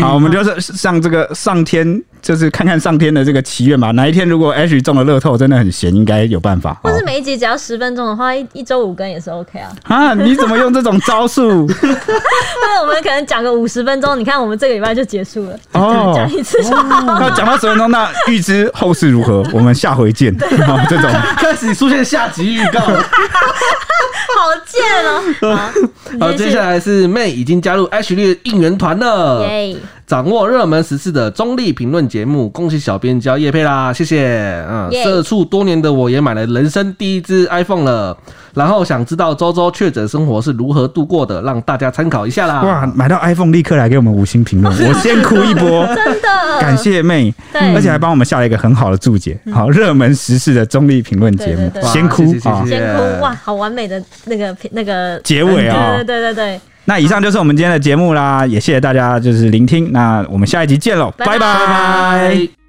[SPEAKER 1] [LAUGHS] 好，我們就是向這個上天，就是看看上天的這個祈願吧。哪一天如果 Ash 中了樂透，真的很閒，應該有辦法。或是
[SPEAKER 2] 每一集只要十分鐘的話，一一周五更也是 OK 啊。
[SPEAKER 1] [LAUGHS] 啊，你怎麼用這種招數？
[SPEAKER 2] 那 [LAUGHS] [LAUGHS] 我們可能講個五十分鐘，你看我們這個禮拜就結束了。哦，講一次講、哦哦、
[SPEAKER 1] 到十分鐘那。 [LAUGHS] 預知後事如何，我們下回見。這種
[SPEAKER 2] 開始出現下集預告 [LAUGHS] 好、哦，好賤哦！
[SPEAKER 1] 好，接下來是
[SPEAKER 3] 妹已經加入 Ashley 的應援團了。Yeah. 掌握熱門時事的中立評論節目，恭喜小編交業配啦，謝謝。嗯，社、yeah. 畜多年的我也買了人生第一支 iPhone 了，然後想知道周周確診生活是如何度過的，讓大家參考一下啦。哇，
[SPEAKER 1] 買到 iPhone 立刻來給我們五星評論，哦、我先哭一波， [LAUGHS] 真
[SPEAKER 2] 的。感謝
[SPEAKER 1] 妹，而且還幫我們下了一個很好的注解。好，熱門時事的中立評論節目，先哭啊，先哭、哦，哇，好
[SPEAKER 2] 完美的那個那個結尾啊、哦嗯，對對對對，對。
[SPEAKER 1] 那以上就是我們今天的節目啦，嗯，也謝謝大家就是聆聽，那我們下一集見嘍，拜拜，拜拜。拜拜。